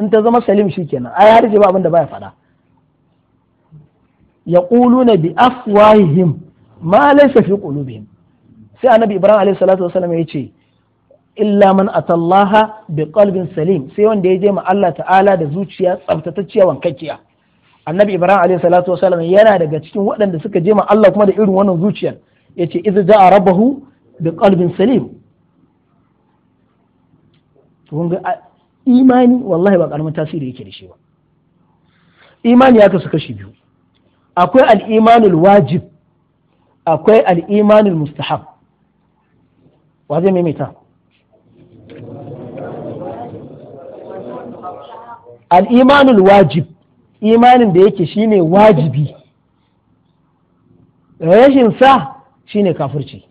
in ta zama salim shikenan ai harshe ba abin da baya faɗa Ya ƙulu na bi afwahihim ma laysa fi qulubihim sai annabi ibrahim alaihi salatu wasallam ya ce illa man atallaha bi kalbin salim sai wanda ya je ma Allah ta'ala da zuciya tsaftatacciya wankakkiya annabi ibrahim alaihi salatu wasallam yana daga cikin waɗanda suka je ma Allah kuma da irin wannan zuciyar yace idza ja'a rabbahu bi qalbin salim to ga imani wallahi ba karamin tasiri yake da shi ba imani aka kasu kashi biyu akwai al'imanul wajib akwai al'imanul mustahab wa zai maimaita al'imanul wajib imanin da yake shine wajibi rashin sa shine kafirci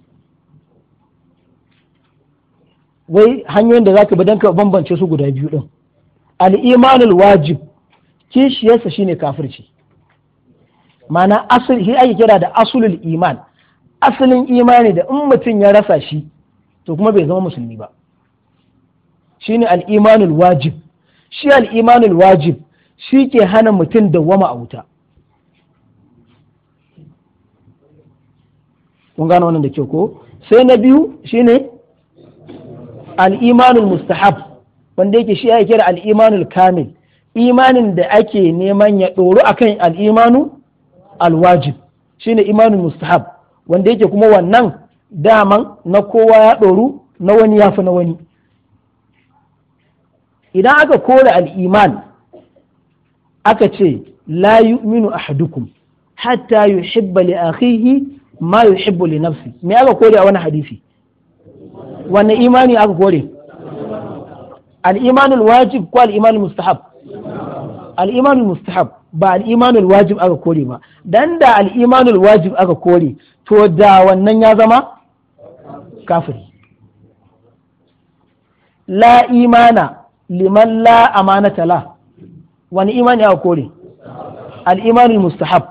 wai hanyoyin da za bi don ka bambance su guda biyu din al'imanul wajib kishiyarsa shine kafirci ma'ana asali shi ake kira da asulul iman asalin imani da in mutum ya rasa shi to kuma bai zama musulmi ba shine al-imanul wajib shi al wajib shi ke hana mutum dawwama a wuta kun gano wannan da ke ko sai na biyu shine al-imanul mustahab wanda yake shi ake kira al kamil imanin da ake neman ya ɗoru akan al-imanu alwajib shine imanin mustahab wanda yake kuma wannan daman na kowa ya ɗoru na wani ya fi na wani idan aka kore al'iman aka ce la yu'minu ahadukum hatta yuhibba li akhihi ma yuhibbu li nafsi me aka kore a wani hadisi wani imani aka kore al wajib ko al mustahab al mustahab ba al wajib aka kore ba dan da al wajib aka kore to da wannan ya zama kafiri la imana liman la amanata la wani imani aka kore al mustahab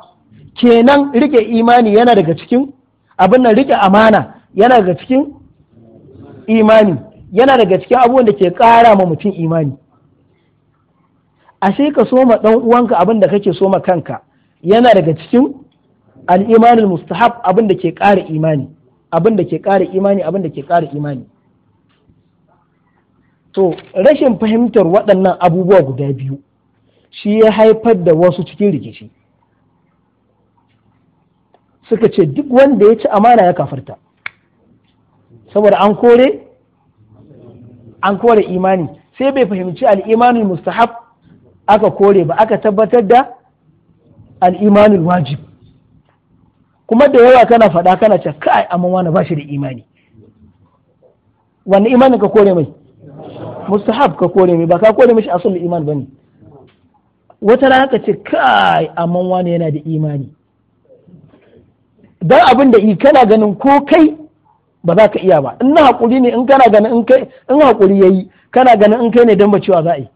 kenan rike imani yana daga cikin abin nan rike amana yana daga cikin imani yana daga cikin abubuwan da ke ƙara ma mutum imani ashe ka soma dan uwanka abin da kake soma kanka yana daga cikin al mustahab abin da ke ƙara imani abin da ke ƙara imani abin da ke ƙara imani to rashin fahimtar waɗannan abubuwa guda biyu shi ya haifar da wasu cikin rikici suka ce duk wanda ya ci amana ya kafarta saboda an kore an kore imani sai bai fahimci al'imanin mustahab aka kore ba aka tabbatar da al'imanin wajib kuma da yawa kana faɗa kana ce kai amma wani ba shi da imani wani imanin ka kore mai mustahab ka kore mai ba ka kore mashi asul iman ne wata rana ka ce kai amma wani yana da imani don abin da kana ganin ko kai ba za ka iya ba in na haƙuri ne in kana ganin in kai in haƙuri yayi kana ganin in kai ne don ba cewa za a yi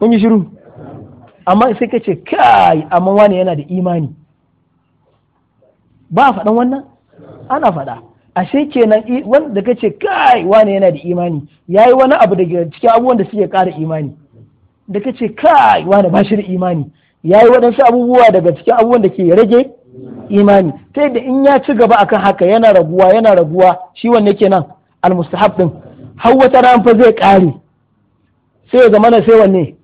kun yi shiru amma sai ka ce kai amma wani yana da imani ba a faɗan wannan ana faɗa ashe kenan wanda ka ce kai wani yana da imani ya yi wani abu daga cikin abubuwan da suke ƙara imani da ka ce kai wani ba shi da imani ya yi waɗansu abubuwa daga cikin abubuwan da ke rage imani ta yadda in ya ci gaba akan haka yana raguwa yana raguwa shi wanne kenan almustahab din har wata ran fa zai ƙare sai ya zama na sai wanne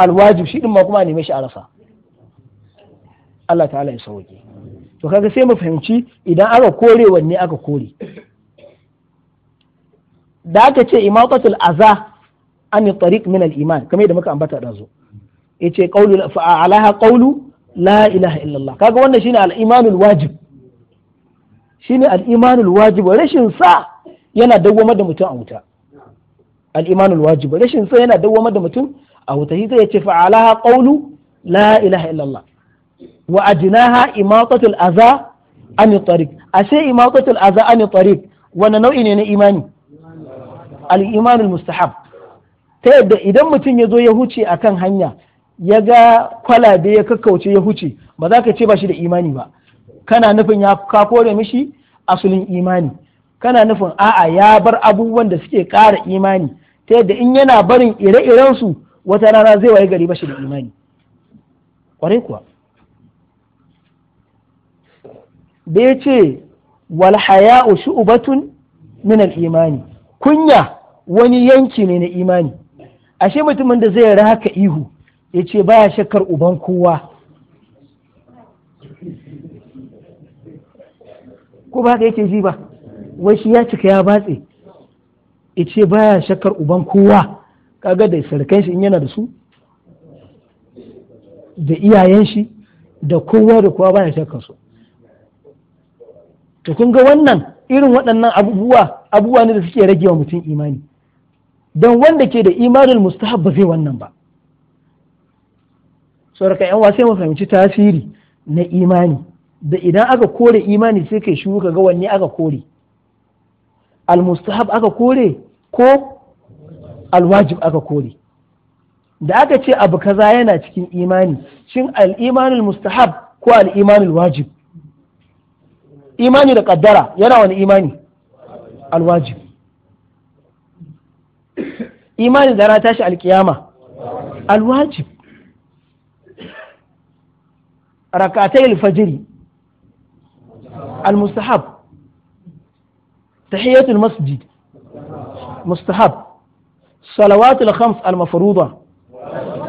alwajib shi din ma kuma neme shi a rasa Allah ta'ala ya sauke to kaga sai mu fahimci idan aka kore wanne aka kore da aka ce imaqatul aza an tariq min al iman kamar yadda muka ambata da zo yace qawlu fa alaha qawlu la ilaha illallah kaga wannan shine al imanul wajib shine al imanul wajib rashin sa yana dawwamar da mutum a wuta al imanul wajib rashin sa yana dawwamar da mutum abu tahita ya ce fa'alaha qawlu la ilaha illallah wa ajnaha imatatul aza an tariq ashe imatatul aza an tariq wanda nau'i ne na imani al imanul mustahab ta yadda idan mutum ya zo ya huce akan hanya ya ga kwalabe ya kakkauce ya huce ba za ka ce ba shi da imani ba kana nufin ya kako da mishi asulin imani kana nufin a'a ya bar abubuwan da suke ƙara imani ta yadda in yana barin ire-irensu wata rana zai waye gari bashi da imani kwarai kuwa da ya ce wal haya'u min imani kunya wani yanki ne na imani ashe mutumin da zai haka ihu ya ce baya shakkar uban kowa ko ba ka yake ji ba wai shi ya cika ya batse ya ce baya shakkar uban kowa kaga da sarkan shi in yana da su da iyayen shi da kowa da kowa baya shakka su to kun ga wannan irin waɗannan abubuwa abubuwa ne da suke rage wa mutum imani don wanda ke da imanin mustahab ba zai wannan ba sauraka yan wasu mu fahimci tasiri na imani da idan aka kore imani sai kai shiru ka ga wanne aka kore al mustahab aka kore ko alwajib aka kore da aka ce abu kaza yana cikin imani shin al’imanin mustahab ko al’imanin wajib imani da kaddara yana wani imani alwajib imani da rana tashi alkiyama alwajib rakatai alfajiri tahiyatul masjid mustahab Mustahab. salawatul khams al mafruḍa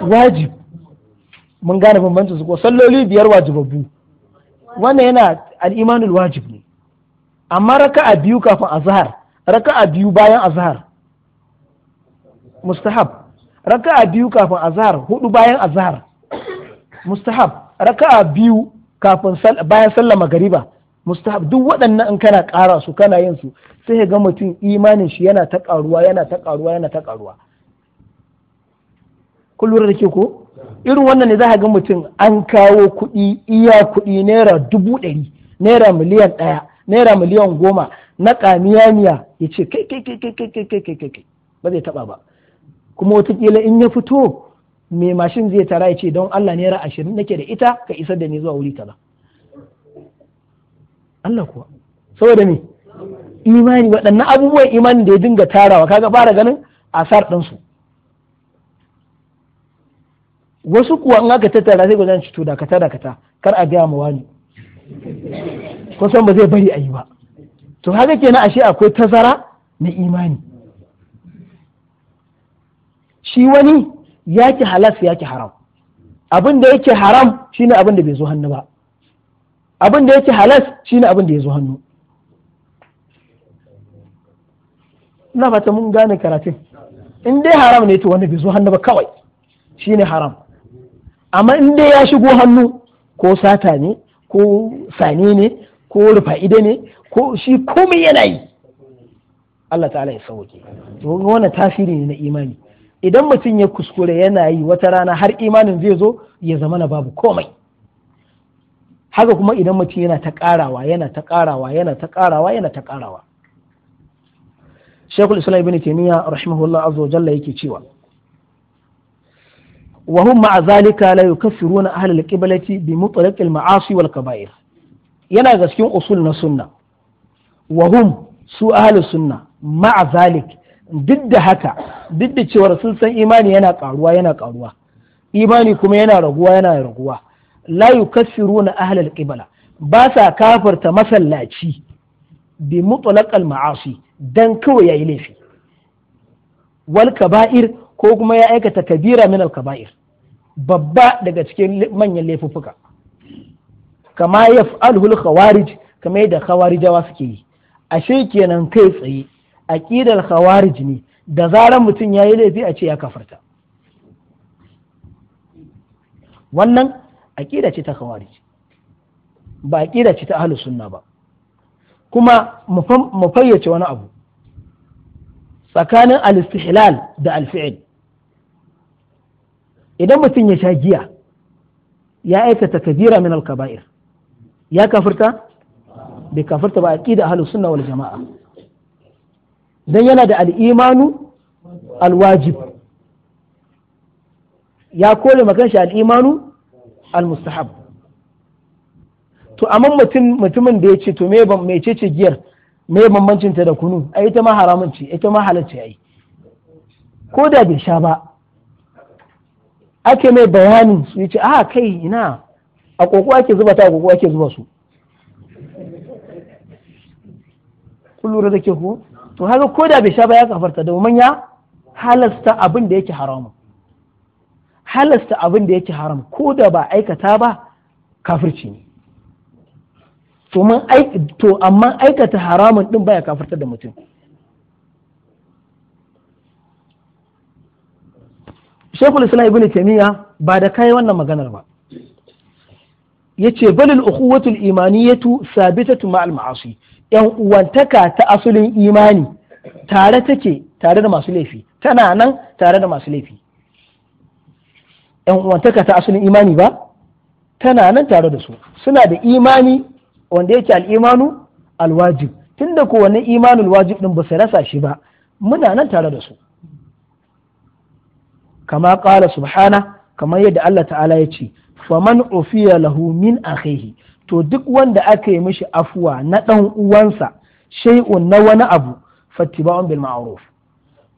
wajib mun gane bambancin su ko salloli biyar wajibabbu wannan yana al-imanul wajib ne amma raka'a biyu kafin azhar raka'a biyu bayan azhar mustahab raka'a biyu kafin azhar hudu bayan azhar mustahab raka'a biyu kafin bayan sallah magariba mustahab duk waɗannan in kana ƙara su kana yin su sai ya ga mutum imanin shi yana ta ƙaruwa yana ta ƙaruwa yana ta ƙaruwa kullum da ke ko irin wannan ne za ga mutum an kawo kuɗi iya kuɗi naira dubu ɗari naira miliyan ɗaya naira miliyan goma na ƙamiyamiya ya ce kai kai kai kai kai kai kai kai kai ba zai taɓa ba kuma wataƙila in ya fito mai mashin zai tara ya ce don Allah naira ashirin nake da ita ka isa da ni zuwa wuri kaza. Allah kuwa saboda me imani waɗannan abubuwan imanin da ya dinga tarawa kaga fara ganin asar ɗinsu wasu kuwa in aka tattara sai gwazan cito dakata dakata kar a gaya ma wani kusan ba zai bari a yi ba to haka kenan ashe akwai tazara na imani shi wani ya ki halas ya ki haram abin da yake haram shine abin da bai zo hannu ba abin da yake halas shine abin da ya zo hannu na fata mun gane karatun in dai haram ne to wanda bai zo hannu ba kawai shine haram amma in dai ya shigo hannu ko sata ne ko sane ne ko rufa'ida ne ko shi komai yana yi Allah ta'ala ya sauke wani tasiri ne na imani idan mutum ya kuskure yana yi wata rana har imanin zai zo ya zama na babu komai haka kuma idan mutum yana ta karawa yana ta karawa yana ta karawa yana ta karawa shekul islam ibn taymiya rahimahullah azza wa jalla yake cewa wa hum ma'a zalika la yukaffiruna ahli al-qiblati bi mutlaq al-ma'asi wal kaba'ir yana ga cikin usul na sunna wa hum su ahli sunna ma'a zalik duk da haka duk da cewa sun san imani yana karuwa yana karuwa imani kuma yana raguwa yana raguwa la na ahlal qibla ba sa kafarta masallaci bi mutlaqal ma'asi dan kawai yayi laifi wal kaba'ir ko kuma ya aikata kabira min al kaba'ir babba daga cikin manyan laifuffuka kama yaf'alu al khawarij kama yadda khawarijawa suke yi ashe kenan kai tsaye aqidal khawarij ne da zaran mutum yayi laifi a ce ya kafarta wannan aƙida ce ta khawarij ba aƙida ce ta ahlus sunna ba kuma mu fayyace wani abu tsakanin al da al idan mutum ya sha giya ya aikata kabira min al-kaba'ir ya kafirta bai kafirta ba aqida ahlus sunna wal jama'a dan yana da al-imanu al-wajib ya kole makan shi al-imanu al-mustahab to amma mutum mutumin da ya ce to me mece ce giyar me bambancin ta da kunu ai ita ma haramun ce ita ma halal ce ai ko da bai sha ba ake mai bayanin su yace a ah, kai ina a koko ake zuba ta a koko ake zuba su kun lura da ke ko to haka ko da bai sha ba ya kafarta domin ya halasta abin da yake haramun halasta abin da yake haram ko da ba aikata ba kafirci ne to amma aikata haramun ɗin baya kafirtar da mutum shekul islam ibn taimiyya ba da kayi wannan maganar ba yace balil ukhuwatul imaniyatu sabitatu ma'al ma'asi yan uwantaka ta asulin imani tare take tare da masu laifi tana nan tare da masu laifi yan uwantaka ta asalin imani ba tana nan tare da su suna da imani wanda yake al'imanu alwajib tunda da kowane imanul wajib ɗin ba su rasa shi ba muna nan tare da su kama ƙala subhana kamar yadda Allah ta'ala ya ce faman ofiya lahu min akhihi to duk wanda aka yi mishi afuwa na ɗan uwansa shay'un na wani abu fatiba'un bil ma'ruf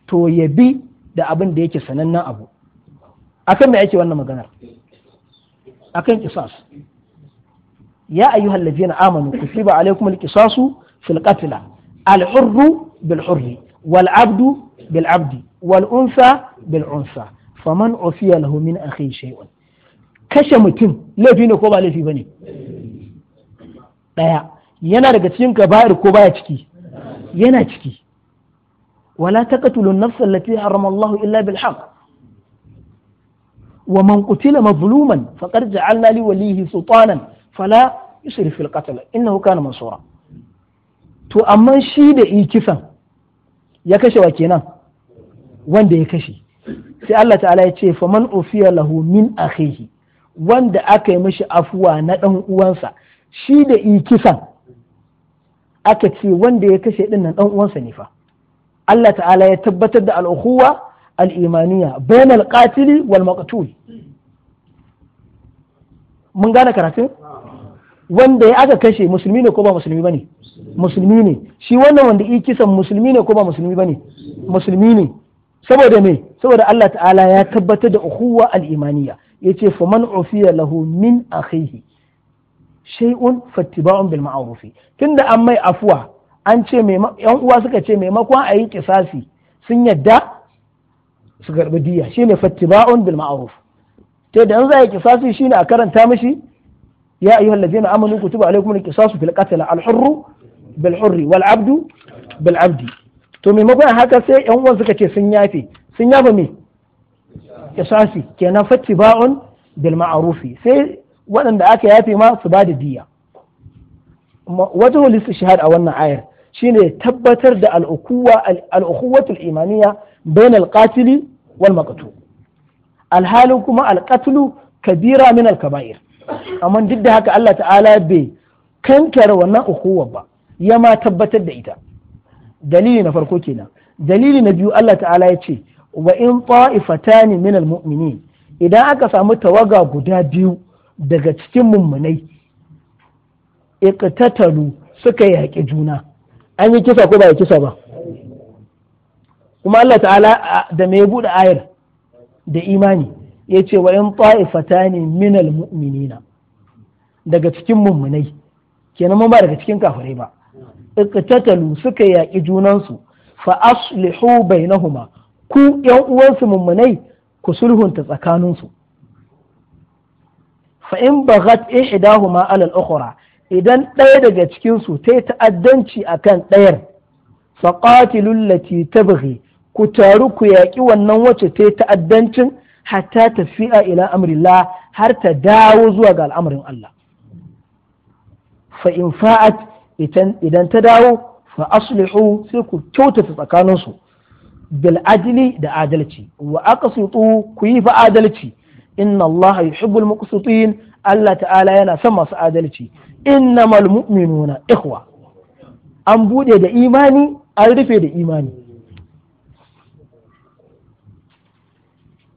to ya bi da abin da yake sanannen abu akan me ake wannan maganar akan kisas ya ayyuhal ladzina amanu kutiba alaykumul qisasu fil qatl al hurru bil hurri wal abdu bil wal unsa bil unsa faman ufiya lahu min akhi shay'un kashe mutum laifi ne ko ba laifi bane daya yana daga cikin kaba'ir ko baya ciki yana ciki wala taqtulun nafsa allati harrama illa bil haqq wa man qutila mazluman faqad ja'alna li walihi sultanan fala yusrif fil qatl innahu to amma shi da yi kisan ya kashe wa kenan wanda ya kashe sai Allah ta'ala ya ce faman ufiya lahu min akhihi wanda aka yi mishi afuwa na dan uwansa shi da yi kisan aka ce wanda ya kashe din nan dan uwansa ne fa Allah ta'ala ya tabbatar da al'ukuwa al'imaniya bainal qatili wal maqtul mun gane karatun wanda ya aka kashe musulmi ne ko ba musulmi bane ne shi wannan wanda yi kisan musulmi ne ko ba musulmi ne saboda me saboda Allah ta'ala ya tabbatar da ukhuwa al-imaniya ce faman ufiya lahu min akhihi shay'un fattiba'un bil ma'ruf tunda an mai afuwa an ce mai yan uwa suka ce maimakon a yi kisasi sun yadda su karɓi diya shine fattiba'un bil ma'ruf ta da an za a kisasi shine a karanta mishi ya ayyuhal ladina amanu kutiba alaykum al-qisasu fil qatl al-hurru bil hurri wal abdu bil abdi to maimakon haka sai yan uwan suka ce sun yafe sun yafe me kisasi kenan fattiba'un bil ma'rufi sai waɗanda aka yafe ma su ba da diya wata holistu shahad a wannan ayar shine tabbatar da al'ukuwatul imaniya bain al-qatili wal maqtu alhalin kuma alqatlu kabira min alkaba'ir amma duk da haka Allah ta'ala bai kankare wannan ukuwa ba ya ma tabbatar da ita dalili na farko kenan dalili na biyu Allah ta'ala ya ce wa in ta'ifatani min almu'minin idan aka samu tawaga guda biyu daga cikin mummunai iqtatalu suka yaƙi juna an yi kisa ko ba ya kisa ba kuma Allah ta'ala da mai bude ayar da imani ya ce wa in ne minal mu'minina daga cikin mummunai kenan mun ba daga cikin kafirai ba iqtatalu suka yaƙi junansu fa aslihu bainahuma ku yan uwansu mummunai ku sulhunta tsakaninsu fa in baghat ihdahuma ala al idan ɗaya daga cikinsu su ta ta'addanci akan ɗayar fa qatilul lati tabghi ku taru ku yaƙi wannan wacce ta ta'addancin hatta tafi'a ila amrillah har ta dawo zuwa ga al'amarin Allah fa fa'at idan ta dawo fa aslihu sai ku kyautata tsakaninsu bil ajli da adalci wa aqsitu ku yi fa adalci inna Allah yuhibbul muqsitin Allah ta'ala yana son masu adalci innamal mu'minuna ikhwa an bude da imani an rufe da imani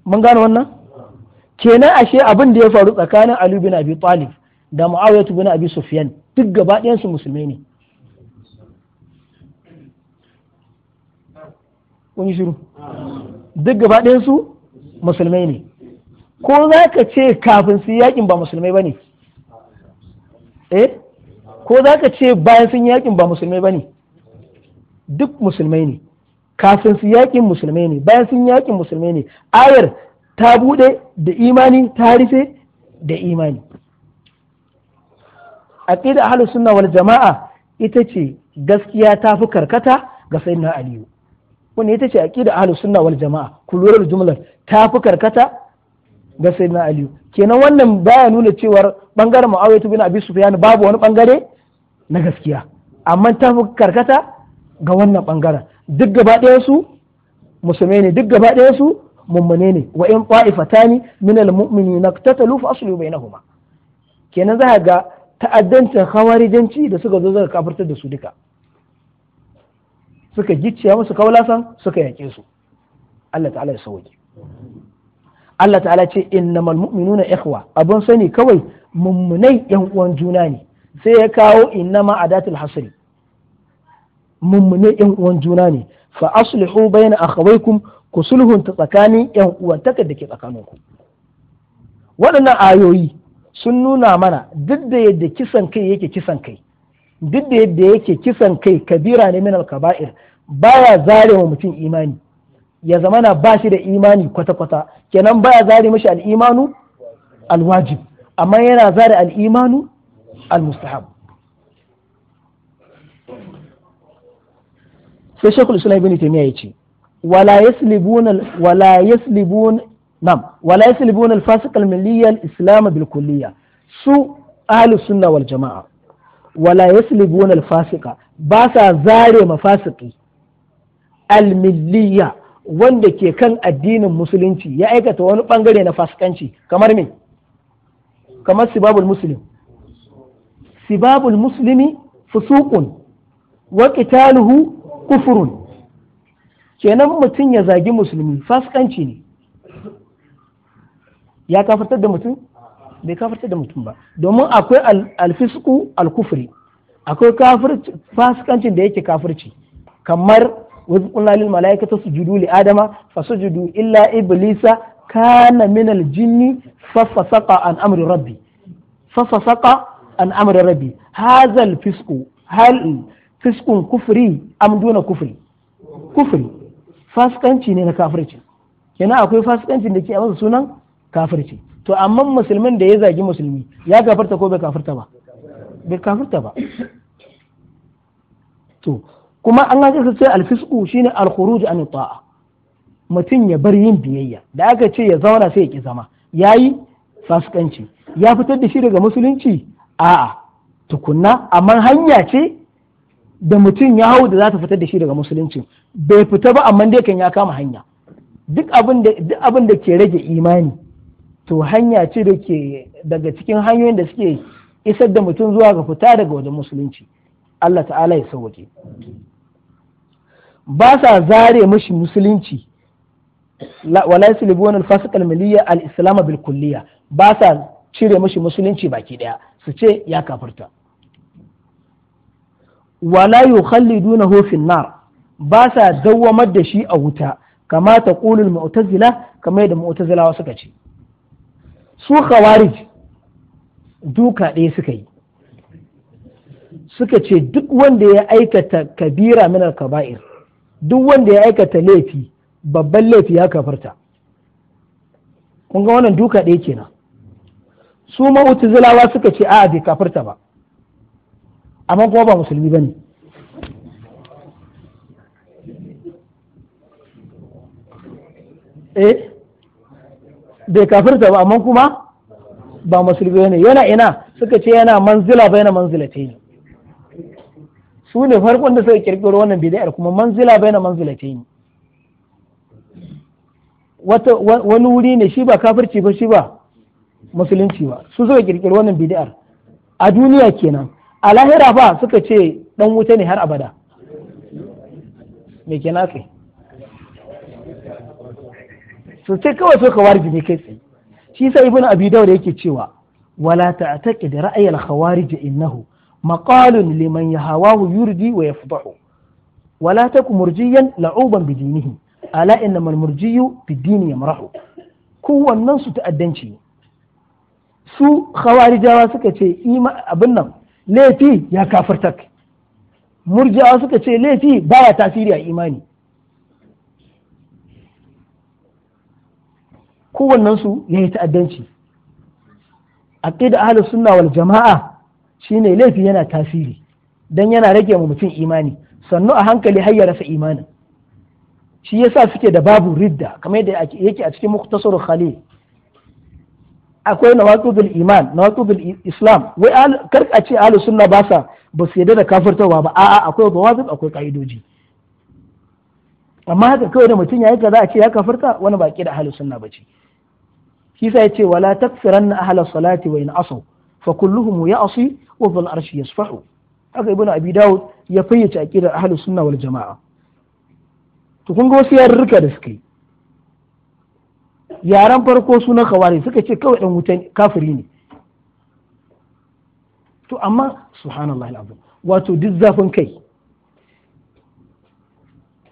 mun gane wannan kenan ashe abin da ya faru tsakanin Ali bin Abi Talib da Muawiya bin Abi Sufyan duk gaba ɗayan su musulmai ne kun shiru duk gaba ɗayan su musulmai ne ko za ka ce kafin su yakin ba musulmai ba ne eh ko za ka ce bayan sun yakin ba musulmai ba ne duk musulmai ne kafin su yakin musulmai ne bayan sun yakin musulmai ne ayar ta bude da imani ta rufe da imani da ahlus sunna wal jama'a ita ce gaskiya ta fi karkata ga sayyidina aliyu wannan ita ce aqida ahlus sunna wal jama'a ku lura jumlar ta fi karkata ga sayyidina aliyu kenan wannan baya nuna cewar bangaren muawiya bin abi babu wani bangare na gaskiya amma ta fi karkata ga wannan bangaren duk gaba su musulmai ne duk gaba ɗaya su mummune ne wa in ta'ifatani min almu'minina tatalu fa na bainahuma kenan za ga ta'addancin hawarijanci da suka zo zaka kafirtar da su duka suka gicciya musu kaulasan suka yaƙe su Allah ta'ala ya sauke Allah ta'ala ce innamal mu'minuna ikhwa abun sani kawai mummunai yan uwan juna ne sai ya kawo innama adatul hasri mummune yan uwan juna ne fa aslihu bayna akhawaykum ku sulhunta tsakanin yan uwantaka da ke tsakaninku waɗannan ayoyi sun nuna mana duk da yadda kisan kai yake kisan kai duk da yadda yake kisan kai kabira ne min al-kaba'ir baya zare wa mutum imani ya zama ba shi da imani kwata-kwata kenan baya zare mashi al wajib amma yana zare al imanu al mustahab sai shekul islam ibn taymiya ya ce wala yaslibuna wala yaslibun nam wala yaslibuna al-fasiq al al-islam bil su ahlus sunna wal jamaa wala yaslibuna al-fasiqa ba sa zare ma al-milliyya wanda ke kan addinin musulunci ya aikata wani bangare na fasikanci kamar me kamar sibabul muslim sibabul muslimi fusuqun wa qitaluhu kufurun kenan mutum ya zagi musulmi fasikanci ne ya kafartar da mutum bai kafartar da mutum ba domin akwai alfisku alkufuri, akwai fasikancin da yake kafirci kamar wasu kunalin mala'ika ta sujudu li adama sujudu illa iblisa kana min aljinni fafasaqa an amri rabbi fafasaqa an amri rabbi hadha alfisku hal fiskun Kufuri am duna kufri kufri fasikanci ne na kafirci kenan akwai fasikancin da ke a masa sunan kafirci to amma musulmin da ya zagi musulmi ya gafarta ko bai kafirta ba bai kafirta ba to kuma an ga sai alfisku shine alkhuruj an ta'a mutum ya bar yin biyayya da aka ce ya zauna sai ya ki zama yayi fasikanci ya fitar da shi daga musulunci a'a tukunna amma hanya ce da mutum ya hau da za ta fitar da shi daga musulunci bai fita ba amma dai kan ya kama hanya duk abin da ke rage imani to hanya ce da ke daga cikin hanyoyin da suke isar da mutum zuwa ga fita daga wajen musulunci Allah ta'ala ya sauke. ba sa zare mashi musulunci wala yuslibun al-fasiq al-miliyya al-islam bil ba sa cire mashi musulunci baki daya su ce ya kafirta wala yukhallidunahu fin nar ba sa dawwamar da shi a wuta kama ta qulul mu'tazila kamar yadda mu'tazilawa suka ce su khawarij duka ɗaya suka yi suka ce duk wanda ya aikata kabira min kaba'ir duk wanda ya aikata laifi babban laifi ya kafarta kun ga wannan duka ɗaya kenan su ma'utazilawa suka ce a bai kafarta ba amma kuma ba musulmi ba ne eh bai kafirta ba amma kuma ba musulmi ba ne yana ina suka ce yana manzila bai na manzila ta yi su ne farkon da suka kirkiro wannan bidayar kuma manzila bai na manzila ta yi wani wuri ne shi ba kafirci ba shi ba musulunci ba su suka kirkiro wannan bidayar a duniya kenan a lahira fa suka ce dan wuta ne har abada me kenan kai su ce kawai so ka warji ne kai tsaye shi sa ibn abi yake cewa wala ta'taqid ra'ay al-khawarij innahu maqalun liman yahawahu yurdi wa yafdahu wala takum murjiyan la'uban bi dinihi ala innama al-murjiyu bi dini yamrahu su ta'addanci su khawarijawa suka ce abin nan laifi ya kafartak murjiya suka ce laifi baya tasiri a imani kowannensu ya yi ta'addanci aqida ahalar suna wal jama'a shine laifi yana tasiri don yana rage mu mutum imani sannu a hankali har ya rasa imanin shi yasa suke da babu ridda kamar yadda yake a cikin muktasarul khalil akwai nawaqidul iman nawaqidul islam wai kar a ce ahlus sunna ba sa ba su yarda da kafirtawa ba a'a akwai bawazib akwai ka'idoji amma haka kawai da mutum yayi kaza a ce ya kafirta wani baki da ahlus sunna bace shi sai ya ce wala na ahlus salati wa in asaw fa kulluhum ya'si wa fil arshi yasfahu haka ibnu abi daud ya fayyace aqidar ahlus sunna wal jamaa to kun ga wasu yarurruka da suka yi yaran farko sunan khawari suka ce kawai dan wuta kafiri ne to amma subhanallahi zama wato duk zafin kai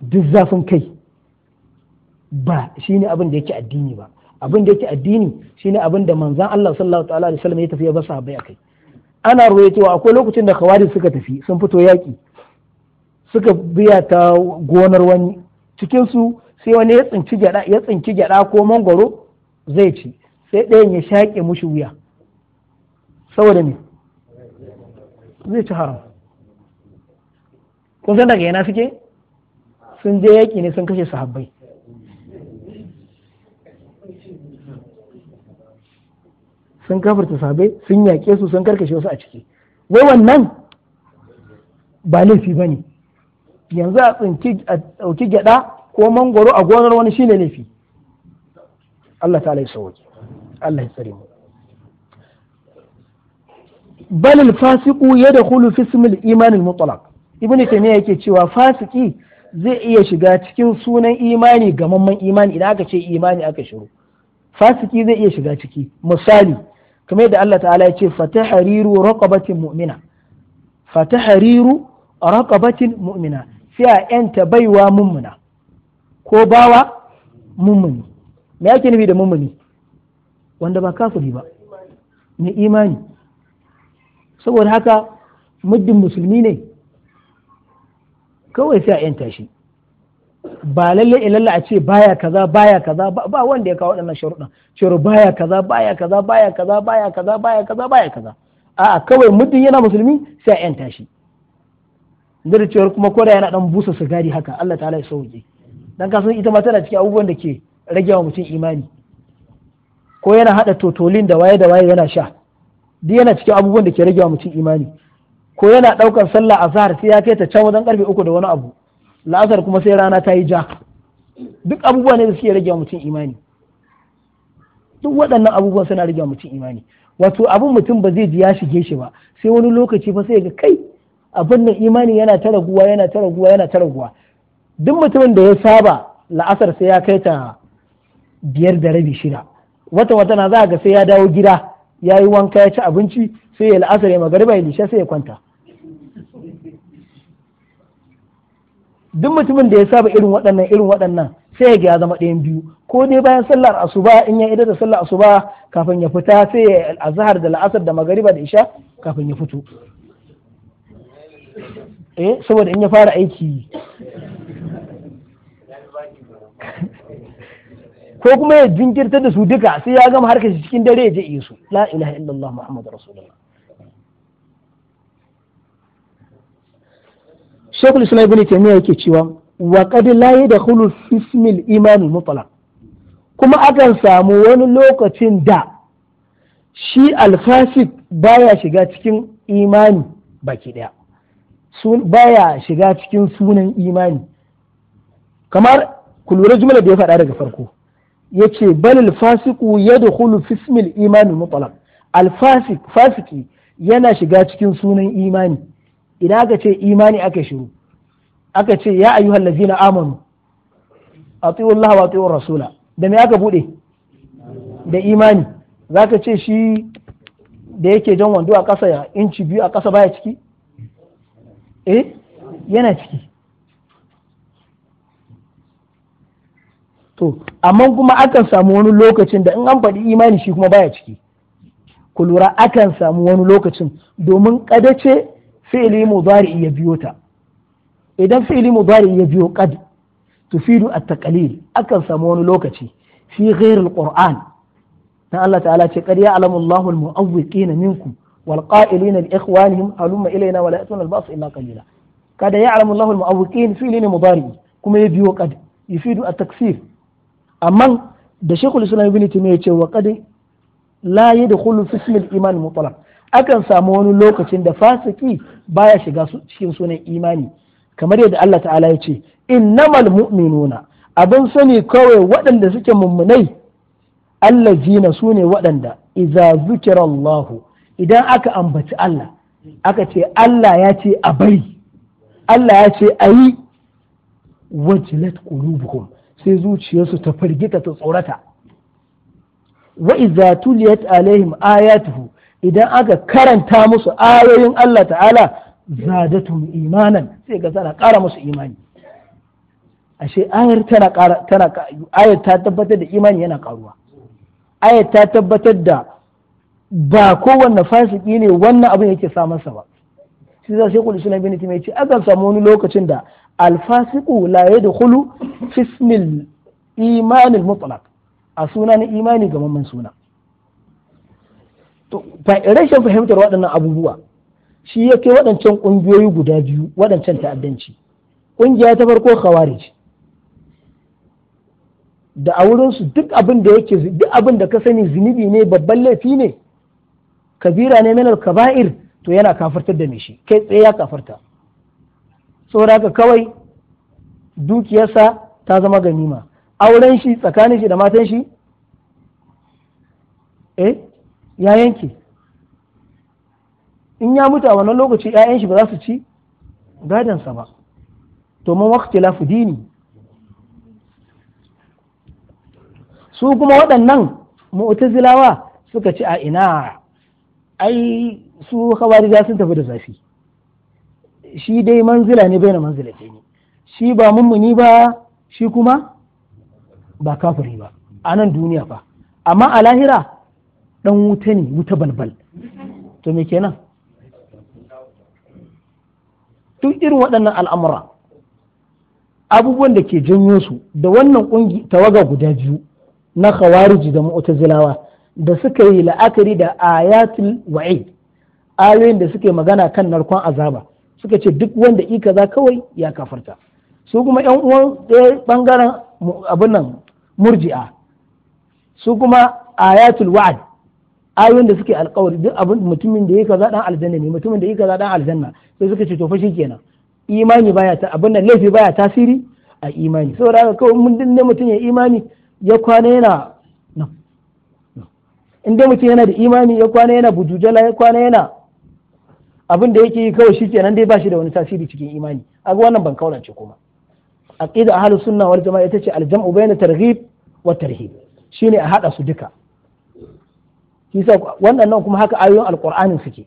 duk zafin kai ba shine abin da yake addini ba abin da yake addini shine abin da manzan Allah sallallahu ta'ala alaihi wasallam ya tafi ya ba sahabbai akai ana cewa akwai lokacin da khawari suka tafi sun fito yaki suka biya ta gonar wani cikinsu sai wani ya tsinci gyada ya tsinci gyada ko mangoro zai ci sai ɗayan ya shaƙe mushi wuya saboda me zai ci haram kun san daga yana suke sun je yaƙi ne sun kashe sahabbai sun kafarta sahabbai sun yaƙe su sun karkashe wasu a ciki wai wannan ba laifi ba ne yanzu a tsinci a ɗauki gyada. ko mangoro a gonar wani shine laifi Allah ta alai sauki Allah ya tsare mu bal al fasiqu yadkhulu fi ism al iman al mutlaq ibn taymiya yake cewa fasiki zai iya shiga cikin sunan imani gamamman imani idan aka ce imani aka shiru fasiki zai iya shiga ciki misali kamar yadda Allah ta'ala ya ce fatahriru raqabatin mu'mina fatahariru raqabatin mu'mina sai a yanta baiwa mummuna ko bawa mummuni me yake nufi da mummuni wanda ba kafiri ba mai imani saboda haka muddin musulmi ne kawai sai a yanta shi ba lalle ilalla a ce baya kaza baya kaza ba wanda ya kawo waɗannan sharuɗan cewa baya kaza baya kaza baya kaza baya kaza baya kaza baya kaza a'a kawai muddin yana musulmi sai a yanta shi da cewar kuma koda yana dan busa sigari haka Allah ta'ala ya sauke dan kasan ita ma tana cikin abubuwan da ke rage wa mutum imani ko yana haɗa totolin da waye da waye yana sha duk yana cikin abubuwan da ke rage wa mutum imani ko yana ɗaukar sallah a zahar sai ya kai ta can wajen karfe uku da wani abu la'asar kuma sai rana ta yi ja duk abubuwa ne da suke rage wa mutum imani duk waɗannan abubuwan suna rage wa mutum imani wato abin mutum ba zai ji ya shige shi ba sai wani lokaci fa sai ga kai abin nan imani yana ta raguwa yana ta raguwa yana ta raguwa duk mutumin da ya saba la'asar sai ya kai ta biyar da rabi shida wata wata na za ga sai ya dawo gida ya yi wanka ya ci abinci sai ya la'asar ya magariba ya lishe sai ya kwanta duk mutumin da ya saba irin waɗannan irin waɗannan sai ya ya zama ɗayan biyu ko dai bayan sallar asuba in ya idar da sallar asuba kafin ya fita sai ya azhar da la'asar da magariba da isha kafin ya fito eh saboda in ya fara aiki ko kuma ya jinkirta da su duka sai ya gama harkar shi cikin dare ya je iya su la ilaha illallah muhammadu rasulullah shekul islam ibn taymiya yake cewa wa qad la yadkhulu fi ismi al-iman kuma akan samu wani lokacin da shi alfasik baya shiga cikin imani baki daya baya shiga cikin sunan imani kamar ku lura da ya faɗa daga farko yace balil fasiku yadkhulu fi ismil iman mutlaq al fasik fasiki yana shiga cikin sunan imani idan aka ce imani aka shiru aka ce ya ayyuhal ladzina amanu atiyu Allah wa atiyu rasula da me aka bude da imani zaka ce shi da yake jan wando a ƙasa ya inci biyu a ƙasa baya ciki eh yana ciki to amma kuma akan samu wani lokacin da in an faɗi imani shi kuma baya ciki ku lura akan samu wani lokacin domin kada ce fi'ili mudari ya biyo ta idan fi'ili mudari ya biyo qad tufidu at-taqlil akan samu wani lokaci fi ghairi al Na Allah ta'ala ce qad ya'lamu Allahu al-mu'awwiqina minkum wal qa'ilina li ikhwanihim halumma ilayna wa la ya'tuna al-ba'sa illa qalila kada ya'lamu Allahu al-mu'awwiqin fi'li mudari kuma ya biyo qad yufidu at-taksir amma da shekul islam ibn ya ce wa qad la yadkhulu fi ismi iman mutlaq akan samu wani lokacin da fasiki baya shiga cikin sunan imani kamar yadda Allah ta'ala ya ce innamal mu'minuna abin sani kawai waɗanda suke mummunai allazina su ne waɗanda idza zukirallahu idan aka ambaci Allah aka ce Allah ya ce a bari Allah ya ce a yi wajilat qulubuhum sai zuciyarsu ta firgita ta tsorata wa iza tuliyat alaihim ayatuhu idan aka karanta musu ayoyin Allah ta'ala zadatum imanan sai ga tana ƙara musu imani ashe ayar tana tana ayar ta tabbatar da imani yana karuwa ayar ta tabbatar da ba kowanne fasiki ne wannan abin yake sa ba Sai za sai kullu sunan bin timi ce akan samu wani lokacin da alfasiku la da hulu, fismil imanin mutlaq a suna na imani ga mamman suna to fahimtar waɗannan abubuwa shi ya yake waɗancan ƙungiyoyi guda biyu waɗancan ta'addanci ƙungiya ta farko khawarij da a wurinsu duk abin da yake duk abin da ka sani zunubi ne babban laifi ne kabira ne minal kaba'ir to yana kafartar da mai shi kai tsaye ya kafarta saboda kawai dukiyarsa ta zama ganima auren shi tsakanin shi da matan shi eh ya yanke in ya mutu a wannan lokaci 'ya'yan shi ba za su ci gadansa ba To mun wakti lafi dini su kuma waɗannan mu'tazilawa suka ci a ina ai su hawari sun tafi da zafi shi dai manzila ne baina manzila ce ne shi ba mummuni ba shi kuma ba kafiri ba a nan duniya fa amma a lahira dan wuta ne wuta balbal to me kenan duk irin waɗannan al'amura abubuwan da ke janyo su da wannan ƙungi tawaga guda biyu na khawariji da mu'tazilawa da suka yi la'akari da ayatul wa'id ayoyin da suke magana kan narkon azaba suka ce duk wanda i kaza kawai ya kafarta su kuma yan uwan bangaren abin nan murji'a su kuma ayatul wa'ad ayoyin da suke alkawari duk abin mutumin da yake kaza dan aljanna ne mutumin da yake kaza dan aljanna sai suka ce to fa shikenan imani baya ta abin nan laifi baya tasiri a imani saboda haka kawai mun dinne mutum ya imani ya kwana yana in dai mutum yana da imani ya kwana yana bujujala ya kwana yana abin da yake yi kawai shi kenan dai ba shi da wani tasiri cikin imani aga wannan ban kaulance kuma aqida ahlus sunna wal jama'a ita ce aljam'u bayna targhib wa tarhib shine a hada su duka kisa waɗannan kuma haka ayoyin alqur'anin suke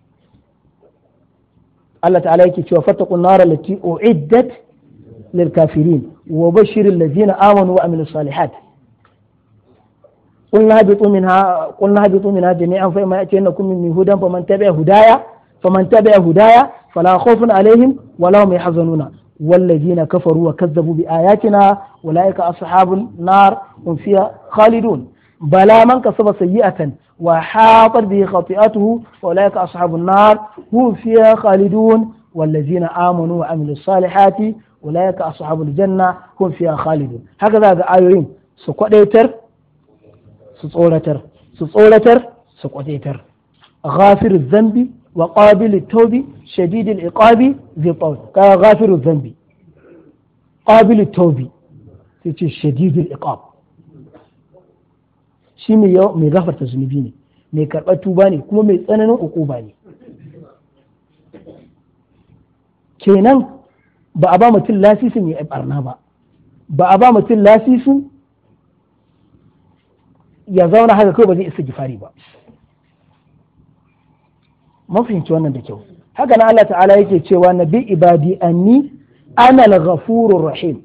Allah ta'ala yake cewa fattaqun nar allati u'iddat lil kafirin wa bashiril ladzina amanu wa amilus salihat قلنا هبطوا منها قلنا هبطوا منها جميعا فإما يأتينكم مني هدى فمن تبع هدايا فمن تبع هدايا فلا خوف عليهم ولا هم يحزنون والذين كفروا وكذبوا بآياتنا أولئك أصحاب النار هم فيها خالدون بلى من كسب سيئة وحاطت به خطيئته أولئك أصحاب النار هم فيها خالدون والذين آمنوا وعملوا الصالحات أولئك أصحاب الجنة هم فيها خالدون هكذا آيوين سقطيتر سقولتر سقولتر سقطيتر غافر الذنب wa qabilu tawbi shadidul iqabi zai qawl ka ghafiru dhanbi qabilu tawbi sai ce shadidul iqab shi mai gafarta zunubi ne mai karɓar tuba ne kuma mai tsananin ukuba ne kenan ba a ba mutum lasisin ya barna ba ba a ba mutum lasisin ya zauna haka kawai ba zai isa gifari ba mun fahimci wannan da kyau haka na Allah ta'ala yake cewa na bi ibadi anni ana al-ghafurur rahim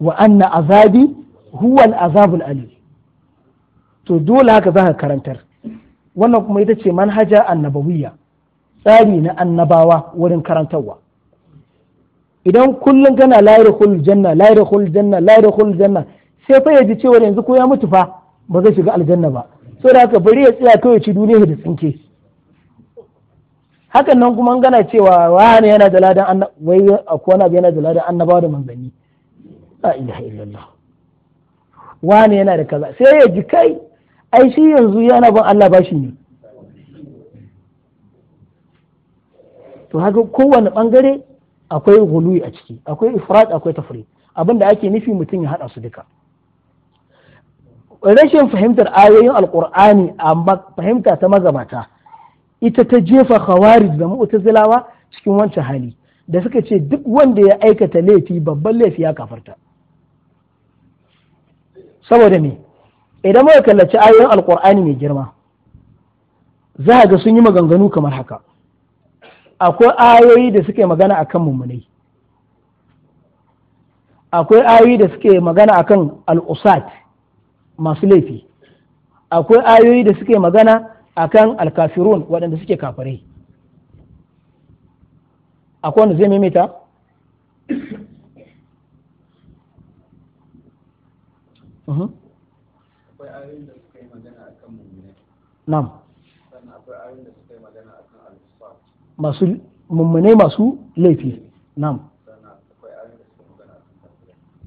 wa anna azabi huwa al-azabul ali to dole haka za ka karantar wannan kuma ita ce manhaja annabawiyya tsari na annabawa wurin karantarwa idan kullum kana la yadkhul janna la yadkhul janna la yadkhul janna sai fa ya ji cewa yanzu ko ya mutu fa ba zai shiga aljanna ba saboda haka bari ya tsaya kawai ci duniya da tsinke hakan nan kuma gana cewa wani yana da ladan annabawa wai akwai wani yana da ladan annaba da manzanni la ilaha illallah wani yana da kaza sai ya ji kai ai shi yanzu yana bin Allah bashi ne to haka kowane bangare akwai gului a ciki akwai ifrat akwai tafri abin da ake nufi mutum ya hada su duka rashin fahimtar ayoyin alkur'ani amma fahimta ta magabata ita ta jefa khawarij da mu'tazilawa cikin wancan hali da suka ce duk wanda ya aikata laifi babban laifi ya kafarta saboda me idan muka kallaci ayoyin alkur'ani mai girma za ga sun yi maganganu kamar haka akwai ayoyi da suke magana akan mummunai akwai ayoyi da suke magana akan al'usat masu laifi akwai ayoyi da suke magana akan alkafirun waɗanda suke kafirai akwai wanda zai maimaita mhm. Nam. Masu mummune masu laifi. Nam.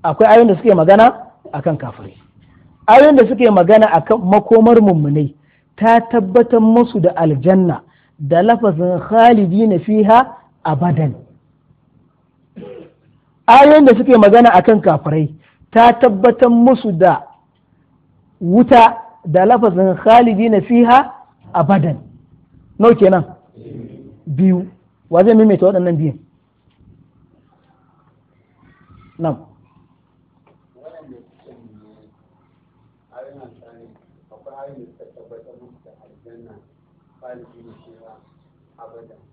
Akwai ayoyin da suke magana akan kafirai. Ayoyin da suke magana akan makomar mummunai ta tabbatar musu da aljanna da lafazin na fiha abadan ayoyin da suke magana a kan kafirai ta tabbatar musu da wuta da lafazin na fiha abadan nau kenan biyu wa zai maimaita waɗannan biyun nan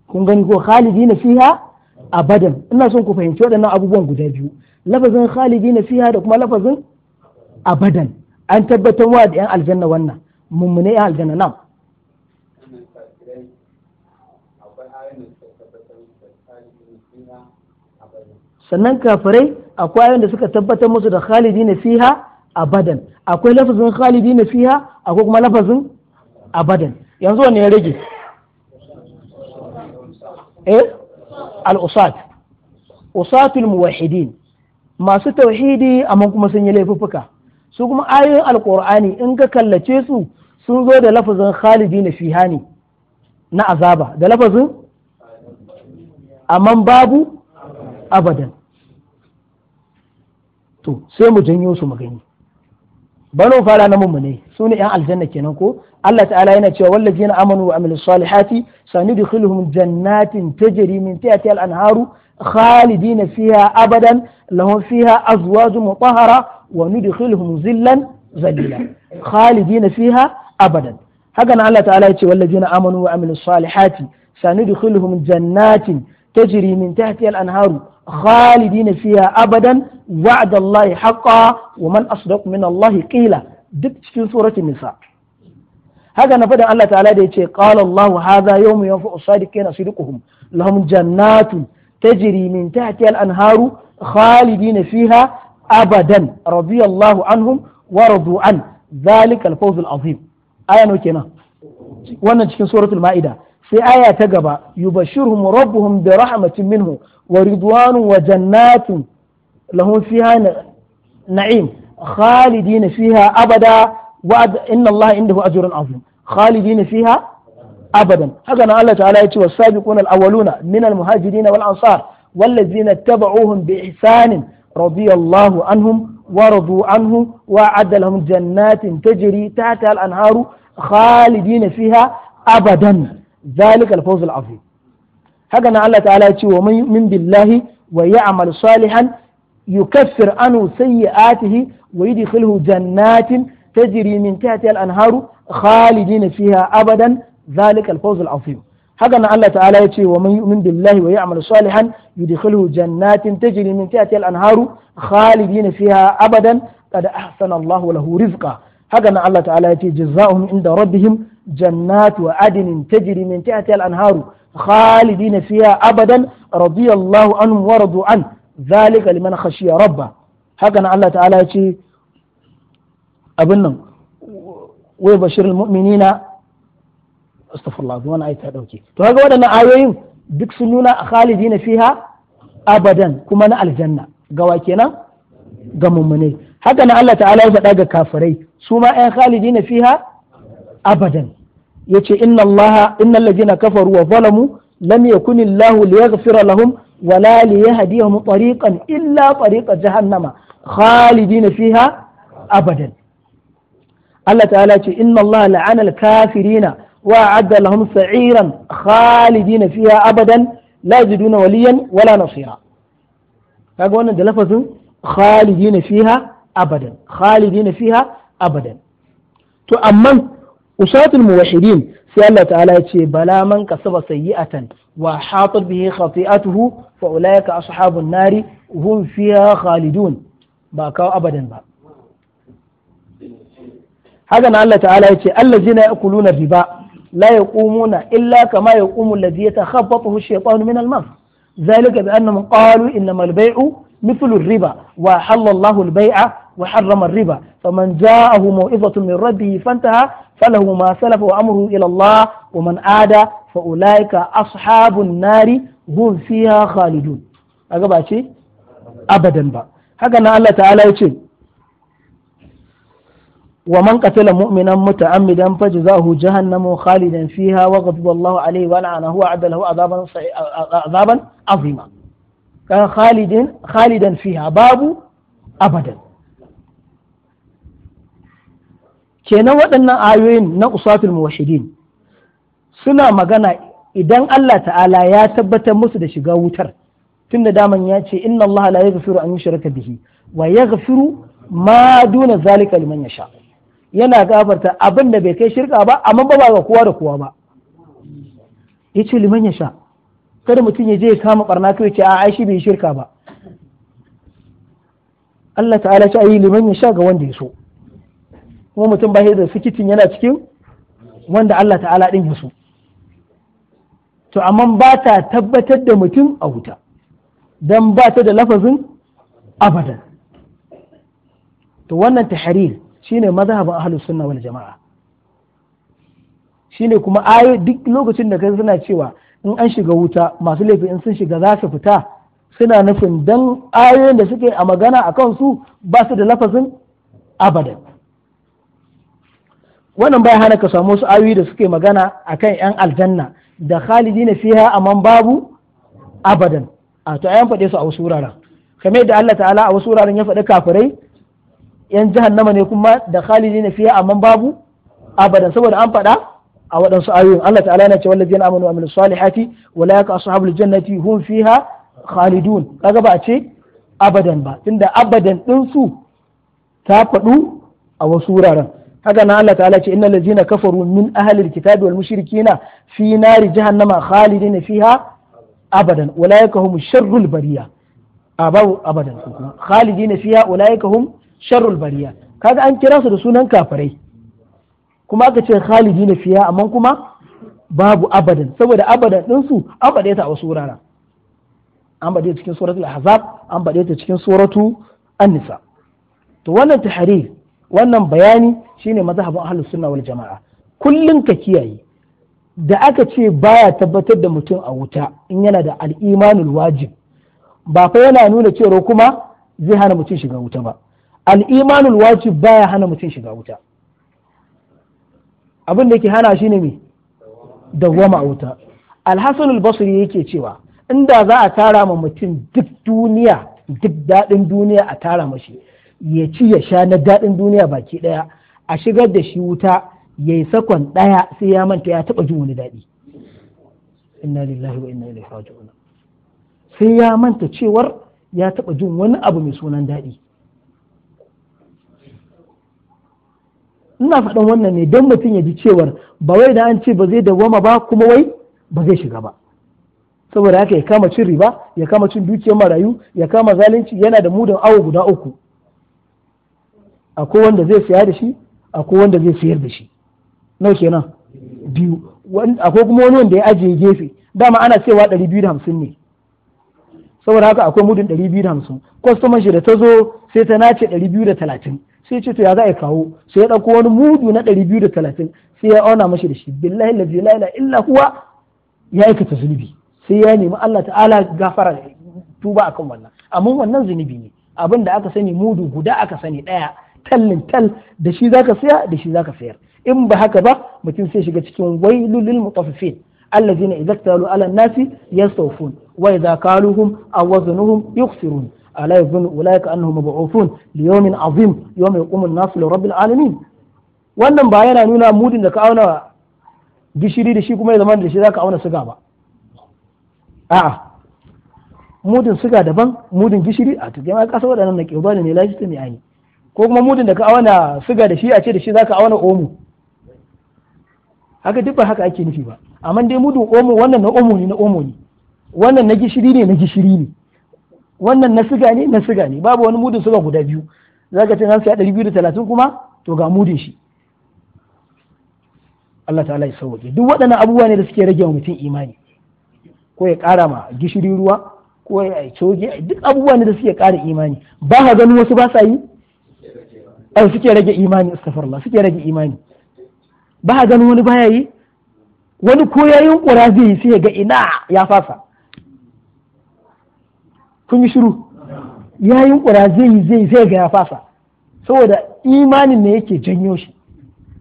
kun gani ko khalidina fiha abadan ina son ku fahimci waɗannan abubuwan guda biyu lafazin khalidina fiha da kuma lafazin abadan an tabbatar wa da yan aljanna wannan mummune yan aljanna nan sannan kafirai akwai ayoyin da suka tabbatar musu da khalidina fiha abadan akwai lafazin khalidina fiha akwai kuma lafazin abadan yanzu wanne ya rage eh al-usat usatul muwahhidin masu tauhidi amma kuma sun yi laifuffuka su kuma ayoyin alqur'ani in ka kallace su sun zo da lafazin khalidi na fihani na azaba da lafazin amma babu abadan to sai mu janyo su magani banu fara na mummune su ne 'yan aljanna kenan ko Allah ta'ala yana cewa wa na amanu wa Sani salihati sanudkhiluhum jannatin tajri min tahtiha al-anharu khalidina fiha abadan lahum fiha azwajun mutahhara wa nudkhiluhum zillan zalila khalidina fiha abadan haka nan Allah ta'ala ya ce wallazi na amanu wa Sani salihati sanudkhiluhum jannatin ta min tahtiha al-anharu khalidina fiha abadan wa'da Allah haqqan wa man asdaqu min Allah qila duk cikin suratul nisa haka na faɗin Allah ta'ala da ya ce qala Allahu hadha yawmu yanfa'u sadiqina sidquhum lahum jannatun ta min tahtiha al-anharu khalidina fiha abadan radiyallahu anhum wa radu an dhalika al-fawz azim aya no kenan wannan cikin suratul ma'ida sai aya ta gaba yubashshiruhum rabbuhum bi rahmatin minhu wa ridwanun wa jannatin lahum fiha na'im khalidina fiha abada wa inna Allah indahu ajrun azim khalidina fiha abadan haka nan Allah ta'ala ya ce was-sabiqun al-awwaluna min al-muhajirin wal-ansar wallazina tabauhum bi ihsanin radiyallahu anhum ورضوا عنه وأعد لهم جنات تجري تحتها الأنهار خالدين فيها أبدا zalika al-fawz al-azim haka nan Allah ta'ala ya ce wa min billahi wa ya'mal salihan yukaffir anhu sayyi'atihi wa yudkhiluhu jannatin tajri min tahtiha al-anharu khalidina fiha abadan zalika al-fawz al-azim haka nan Allah ta'ala ya ce wa man yu'min billahi wa ya'mal salihan jannatin tajri min anharu khalidina fiha abadan qad ahsana lahu rizqa haka nan Allah ta'ala ya ce jazaohum inda rabbihim jannatu wa adnin tajri min tahtiha al-anharu khalidina fiha abadan radiyallahu anhum wa radu an zalika liman khashiya rabba haka nan Allah ta'ala ya ce abin nan wai bashirul mu'minina astaghfirullah wannan ayi ta dauke to kaga waɗannan ayoyin duk sun nuna khalidina fiha abadan kuma na aljanna gawa kenan ga haka na Allah ta'ala ya faɗa ga kafirai su ma khalidi khalidina fiha abadan yace inna Allah innal ladina kafaru wa zalamu lam yakun Allah liyaghfira lahum wa la liyahdihum tariqan illa tariqa jahannama khalidina fiha abadan Allah ta'ala ce inna Allah la'ana al-kafirina wa a'adda lahum sa'iran khalidina fiha abadan la yajiduna waliyan wala nasira kaga wannan da lafazin khalidina fiha abadan khalidina fiha abadan to amma usatul muwahhidin sai Allah ta'ala ya ce bala man kasaba sayyi'atan wa hatat bihi khati'atuhu fa ulaika ashabun nari hum fiha khalidun ba kawo abadan ba haka na Allah ta'ala ya ce allazina ya'kuluna riba la yaqumuna illa kama yaqumu alladhi yatakhabbathu ash-shaytanu min al-mas ذلك بأنهم قالوا إنما البيع مثل الربا وحل الله البيع وحرم الربا فمن جاءه موعظة من ربه فانتهى فله ما سلف وأمره إلى الله ومن عاد فأولئك أصحاب النار هم فيها خالدون أقبع شيء أبدا با هكذا الله تعالى يقول ومن قتل مؤمنا متعمدا فجزاه جهنم خالدا فيها وغضب الله عليه ولعنه وعد له عذابا عذابا عظيما خالد خالدا فيها باب أبدا kenan waɗannan ayoyin na usatul muwahhidin suna magana idan Allah ta'ala ya tabbatar musu da shiga wutar tun da daman ya ce inna Allah la yaghfiru an yushraka bihi wa yaghfiru ma duna zalika liman yasha yana gafarta abin da bai kai shirka ba amma ba ga kowa da kowa ba yace liman yasha kada mutum ya je ya kama barna kai ce a shi bai shirka ba Allah ta'ala ta yi liman yasha ga wanda ya so kuma mutum ba da sikitin yana cikin wanda Allah ta'ala din ya to amma ba ta tabbatar da mutum a wuta don ba ta da lafazin abadan to wannan tahrir shine mazhabin ahlus sunna wal jama'a shine kuma ayo duk lokacin da kai suna cewa in an shiga wuta masu laifi in sun shiga za su fita suna nufin dan ayoyin da suke a magana a kansu ba su da lafazin abadan wannan bai hana ka samu wasu ayoyi da suke magana akan yan aljanna da khalidina fiha amman babu abadan a to ayan faɗe su a wasu wuraren kamar yadda Allah ta'ala a wasu wuraren ya faɗi kafirai yan nama ne kuma da khalidina fiha amman babu abadan saboda an faɗa a waɗansu ayoyin Allah ta'ala yana cewa na amanu wa amilus salihati walaika ashabul jannati hum fiha khalidun kaga ba a ce abadan ba tunda abadan ɗinsu ta faɗu a wasu wuraren haka na Allah ta'ala ce innal ladzina kafaru min ahli kitabi wal mushrikina fi nari jahannama khalidina fiha abadan ulaika hum sharrul bariya abau abadan khalidina fiha ulaika hum sharrul bariya kaga an kira su da sunan kafirai kuma aka ce khalidina fiha amma kuma babu abadan saboda abadan din su abade ta a wasu wuraren an bade cikin suratul ahzab an bade ta cikin suratu an-nisa to wannan tahrir wannan bayani shine mazhabin ahlus sunna wal jama'a kullun ka kiyaye da aka ce baya tabbatar da mutum a wuta in yana da al'imanul wajib ba fa yana nuna cewa kuma zai hana mutum shiga wuta ba al'imanul wajib baya hana mutum shiga wuta abin da yake hana shi ne me dawwama a wuta alhassanul basri yake cewa inda za a tara ma mutum duk duniya duk daɗin duniya a tara mashi ya ci ya sha na daɗin duniya baki ɗaya a shigar da shi wuta ya yi sakon ɗaya sai ya manta ya taɓa jin wani daɗi inna lillahi wa inna ilaihi raji'un sai ya manta cewar ya taɓa jin wani abu mai sunan daɗi ina faɗin wannan ne don mutum ya ji cewar ba wai da an ce ba zai dawwama ba kuma wai ba zai shiga ba saboda haka ya kama cin riba ya kama cin dukiyar marayu ya kama zalunci yana da mudan awo guda uku akwai wanda zai saya da shi akwai wanda zai sayar da shi nau kenan biyu akwai kuma wani wanda ya ajiye gefe dama ana cewa ɗari biyu da hamsin ne saboda haka akwai mudun ɗari biyu da hamsin shi da ta zo sai ta nace ɗari biyu da talatin sai ce to ya za a kawo sai ya ɗauko wani mudu na ɗari biyu da talatin sai ya auna mashi da shi billahi la ilaha illa huwa ya aikata zunubi sai ya nemi Allah ta'ala gafara tuba akan wannan amma wannan zunubi ne abin da aka sani mudu guda aka sani ɗaya tallin tal da shi zaka saya da shi zaka sayar in ba haka ba mutum sai shiga cikin wailul lil mutaffifin allazina idza talu ala nasi yastawfun wa idza kaluhum aw wazanuhum yukhsirun ala yazun ulaika annahum mab'uthun li yawmin azim yawma yaqumu an-nasu li rabbil alamin wannan ba yana nuna mudin da ka auna gishiri da shi kuma ya zama da shi zaka auna suga ba a'a mudin suga daban mudin gishiri a tuke ma kasa waɗannan na da ne lafi ta mai ainihi ko kuma mudun da ka auna siga da shi a ce da shi zaka auna omo haka duk ba haka ake nufi ba amma dai mudun omo wannan na omo ne na omo ne wannan na gishiri ne na gishiri ne wannan na siga ne na siga ne babu wani mudun siga guda biyu zaka ce an siya 230 kuma to ga mudun shi Allah ta'ala ya sauke duk waɗannan abubuwa ne da suke rage wa mutum imani ko ya ƙara ma gishiri ruwa ko ya coge duk abubuwa ne da suke ƙara imani ba ka ganin wasu ba sa yi ai suke rage imani Allah suke rage imani ba a ganin wani baya yi wani ko yayin kura zai yi sai ga ina ya fasa kun yi shiru yayin kura zai yi zai sai ga ya fasa saboda imanin ne yake janyo shi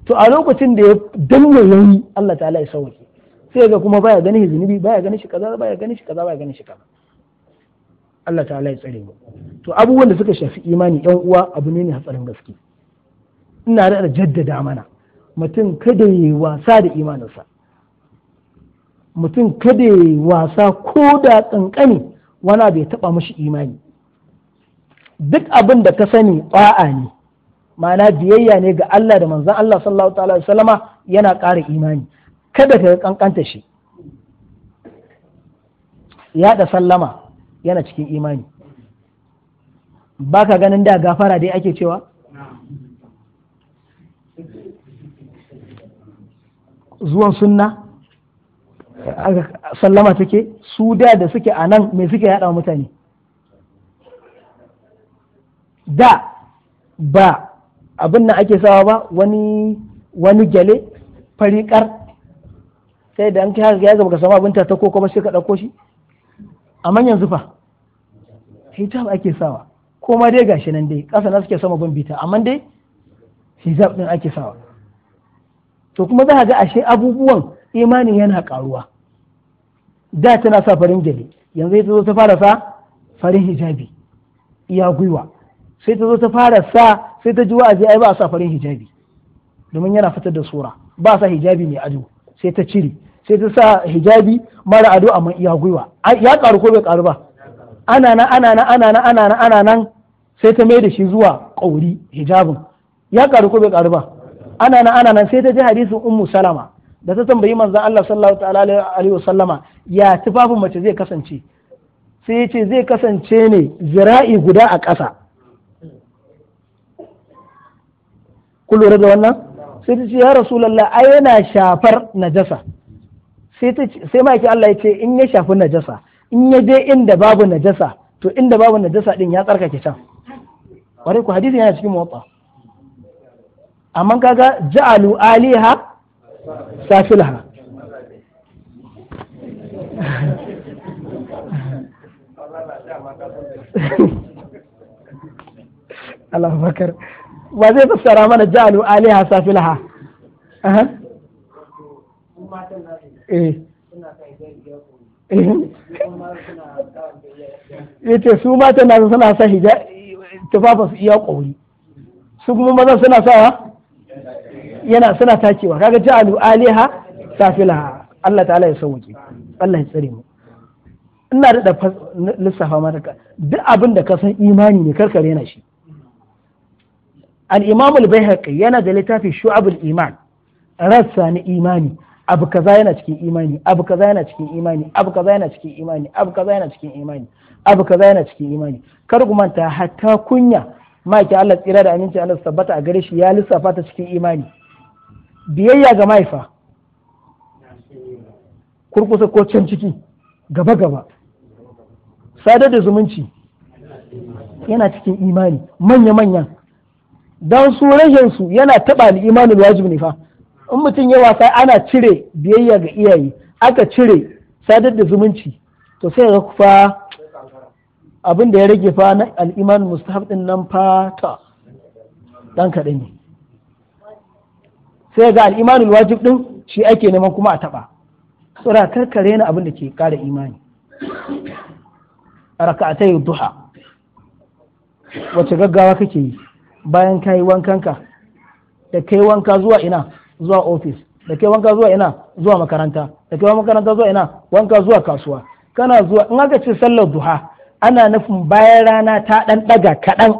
to a lokacin da ya danna yayi Allah ta'ala ya sauke sai ga kuma baya ganin zunubi baya ganin shi kaza baya ganin shi kaza baya ganin shi kaza Allah ta ya tsare mu to abubuwan da suka shafi imani yan uwa abu ne ne hatsarin gaske ina da jaddada mana mutum kada ya yi wasa da imaninsa mutum kada ya yi wasa ko da ƙanƙani wani abu ya taɓa mashi imani duk abin da ka sani ba'a ne ma'ana biyayya ne ga Allah da manzan Allah sallallahu ta'ala sallama yana ƙara imani kada ka ƙanƙanta shi Yaɗa sallama yana cikin imani baka ganin da gafara dai ake cewa zuwan sunna sallama take su da da suke a nan mai suke yaɗa mutane da ba abin nan ake sawa ba wani wani gyale fariƙar sai da an kai haka ya zama ka sama abin ta ko kuma sai ka ɗauko shi amma yanzu fa hijab ake sawa ko ma dai gashi nan dai ƙasa na suke sama bita amma dai hijab din ake sawa to kuma za a ga ashe abubuwan imanin yana karuwa da tana sa farin jale yanzu ita zo ta fara sa farin hijabi iya gwiwa sai ta zo ta fara sa sai ta ji wa'azi ai ba a sa farin hijabi domin yana fitar da sura ba sa hijabi mai ajo sai ta cire sai ta sa hijabi mara ado amma iya gwiwa ya karu ko bai karu ba ana nan ana nan ana nan ana nan ana nan sai ta maida da shi zuwa kauri hijabin ya karu ko bai karu ba ana nan ana nan sai ta ji hadisin ummu salama da ta tambayi manzon Allah sallallahu ta'ala alaihi wasallama ya tufafin mace zai kasance sai ya ce zai kasance ne zira'i guda a ƙasa ku lura da wannan sai ta ce ya rasulullah ai yana shafar najasa sai maki Allah ya ce in ya shafi najasa in ya je inda babu najasa to inda babu najasa din ya tsarkake can wani ku hadisi yana cikin motsa amma kaga ja'alu aliha safilha Allah bakar wa zai fassara mana ja'alu aliha safilha eh, eh. yace su mata na suna sa hijabi tufafa su iya ƙauri su kuma mazan suna sawa yana suna takewa kaga alu aliha Safila. Allah ta'ala ya sauke Allah ya tsare mu ina da lissafa mata duk abin da ka san imani ne karkare yana shi al-imam al-baihaqi yana da littafi shu'abul iman rassa na imani abu kaza yana cikin imani abu kaza yana cikin imani abu kaza yana cikin imani abu kaza yana cikin imani abu kaza yana cikin imani kar ku manta hatta kunya maki Allah tsira da aminci Allah tabbata a gare shi ya lissafa ta cikin imani biyayya ga mahaifa kurkusa ko can ciki gaba gaba sadar da zumunci yana cikin imani manya manya dan su rashin su yana taba ni imanin wajibi ne fa in mutum ya wasa ana cire biyayya ga iyaye aka cire sadar da zumunci to sai ga fa abin da ya rage fa na al'iman mustahab din nan fa ta dan kaɗai ne sai ga al'iman wajib din shi ake neman kuma a taɓa tsura karkare na abin da ke ƙara imani a raka'atai duha Wacce gaggawa kake yi bayan ka yi wankanka da kai wanka zuwa ina zuwa ofis da ke wanka zuwa ina zuwa makaranta da ke makaranta zuwa ina wanka zuwa kasuwa kana zuwa in aka ce sallar duha ana nufin bayan rana ta dan daga kaɗan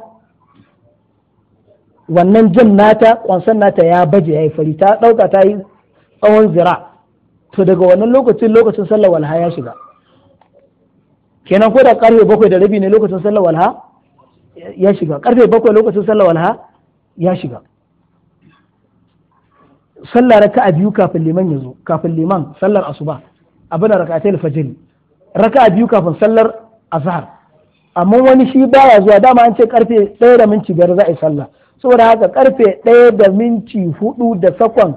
wannan jin nata kwansan nata ya baje ya yi fari ta ɗauka ta yi tsawon zira to daga wannan lokacin lokacin sallar walha ya shiga kenan ko da karfe bakwai da rabi ne lokacin sallar walha ya shiga karfe bakwai lokacin sallar walha ya shiga sallah raka'a biyu kafin liman ya zo kafin liman sallar asuba abin raka'atul fajr raka'a biyu kafin sallar azhar amma wani shi baya zuwa dama an ce karfe 1 da minti 5 za a yi sallah saboda haka karfe 1 da minti 4 da sakon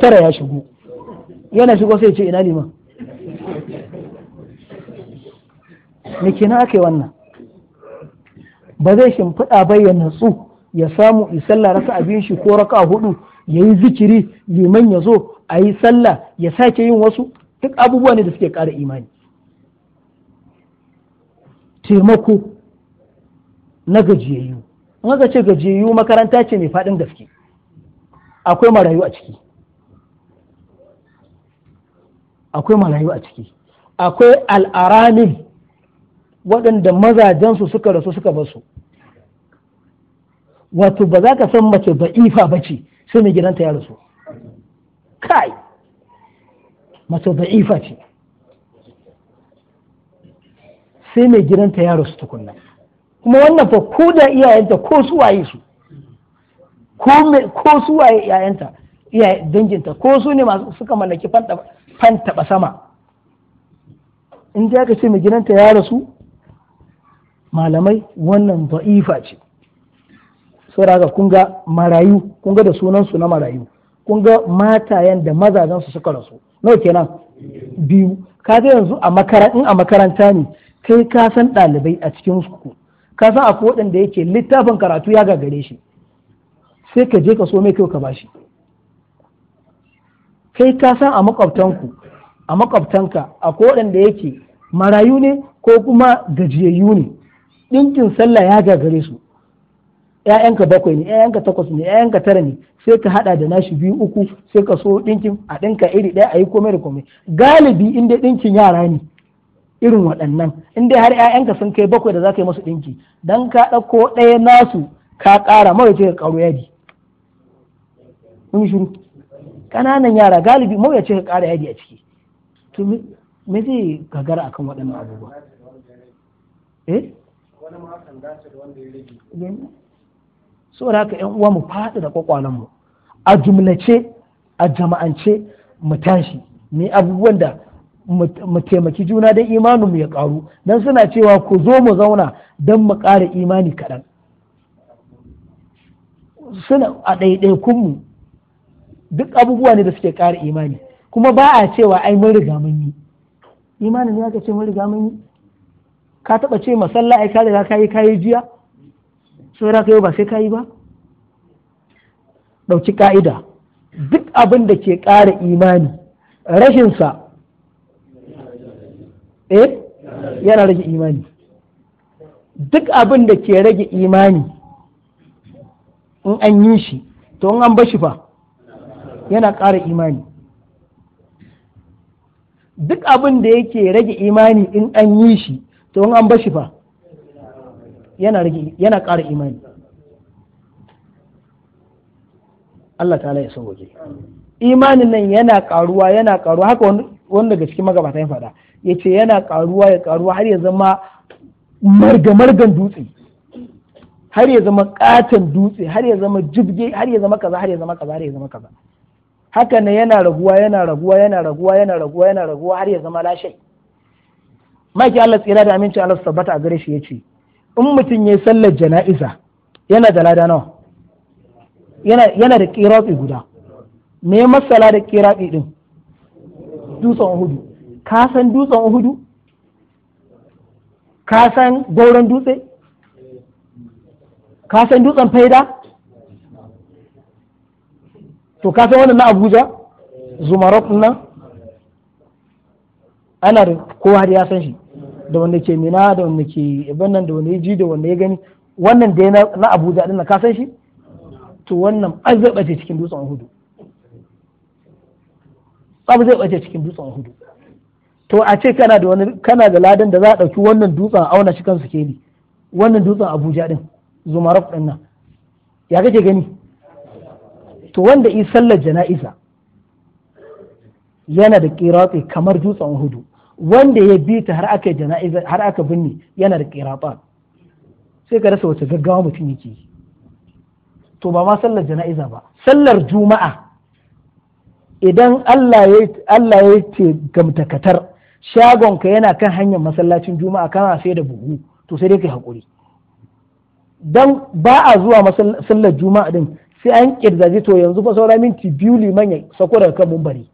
tara ya shigo yana shigo sai ce ina liman me kina wannan ba zai shimfiɗa bayyana tsu. ya samu ya sallah raka abin shi ko raka hudu ya yi zikiri liman ya zo a yi sallah ya sake yin wasu duk abubuwa ne da suke ƙara imani taimako na gajiyayyu in aka ce gajiyayyu makaranta ce mai faɗin gaske akwai marayu a ciki akwai marayu a ciki akwai al'aramin waɗanda mazajensu suka rasu suka basu wato ba za ka san mace ba ifa ba ce sai mai gidanta ya rasu kai mace ba ifa ce sai mai gidanta ya rasu tukunna kuma wannan fa ko da iyayenta ko su waye su ko su waye iyayenta iyaye danginta ko su ne masu suka mallaki fan taba sama in ka aka ce mai gidanta ya rasu malamai wannan da'ifa ce saboda kunga kun ga marayu kunga da sunan su na marayu kunga matayen da mazajen su suka rasu nawa kenan biyu Ka ga yanzu a makaranta in a makaranta ne kai ka san ɗalibai a cikin ku ka san akwai da yake littafin karatu ya gagare shi sai ka je ka so mai kai ka bashi kai ka san a makwabtanku a makwabtanka akwai da yake marayu ne ko kuma gajiyayyu ne ɗinkin sallah ya gagare su ‘ya'yanka bakwai ne ‘ya'yanka takwas ne ‘ya'yanka tara ne sai ka hada da nashi biyu uku sai ka so ɗinkin a ɗinka iri ɗaya a yi komai da komai galibi inda ɗinkin yara ne irin waɗannan inda har ‘ya'yanka sun kai bakwai da za ka yi masu ɗinki dan ka ɗauko ɗaya nasu ka ƙara mawai ce ka yadi mun shiru ƙananan yara galibi mawai ce ka ƙara yadi a ciki to me zai gagara akan waɗannan abubuwa eh wani ma kan da wanda ya rage saboda haka yan uwa mu faɗi da kwakwalan mu a jumlace a jama'ance mu tashi ni abubuwan da mu taimaki juna da imanin mu ya karu dan suna cewa ku zo mu zauna dan mu ƙara imani kaɗan suna a ɗaiɗaikunmu duk abubuwa ne da suke ƙara imani kuma ba a cewa ai mun riga mun yi imanin ya ka ce mun riga mun yi ka taɓa ce masalla ai ka riga ka yi ka yi jiya Sai ka yau ba sai ka yi ba ɗauki ka'ida duk abin da ke ƙara imani rashinsa eh yana rage imani duk abin da ke rage imani in an yi shi to in an bashi fa yana ƙara imani duk abin da yake rage imani in an yi shi to in an bashi fa yana rage yana ƙara imani Allah ta ya sauke imanin nan yana ƙaruwa yana ƙaruwa haka wanda daga cikin magabata ya faɗa ya ce yana ƙaruwa ya ƙaruwa har ya zama marga-margan dutse har ya zama ƙaton dutse har ya zama jibge har ya zama kaza har ya zama kaza har ya zama kaza haka ne yana raguwa yana raguwa yana raguwa yana raguwa yana raguwa har ya zama lashe maki Allah tsira da aminci Allah tabbata a gare shi yace in mutum ya sallar jana'iza yana da lada nawa yana da kirafi guda me masala da kirafi din dutsen uhudu ka san dutsen uhudu ka san gauran dutse ka san dutsen faida to ka san wannan na abuja zumarok nan ana da kowa da ya san shi da wanda ke mina da wanda ke bannan da wanda ya ji da wanda ya gani wannan da na abuja din na kasan san shi to wannan zai ɓace cikin dutsen hudu abu zai bace cikin dutsen hudu to a ce kana da wani kana da ladan da za a ɗauki wannan dutsen auna shi kansu keli wannan dutsen abuja din zumaraf din nan ya kake gani to wanda yi sallar jana'iza yana da kiratsi kamar dutsen hudu wanda ya bi ta har aka jana'iza har aka binne yana da qiratan sai ka rasa wace gaggawa mutum yake to ba ma sallar jana'iza ba sallar juma'a idan Allah ya Allah ya ce gamtakatar shagonka yana kan hanyar masallacin juma'a kana sai da buhu to sai dai kai hakuri dan ba a zuwa sallar juma'a din sai an ƙirzaje to yanzu fa saura minti biyu liman ya sako daga kan mumbari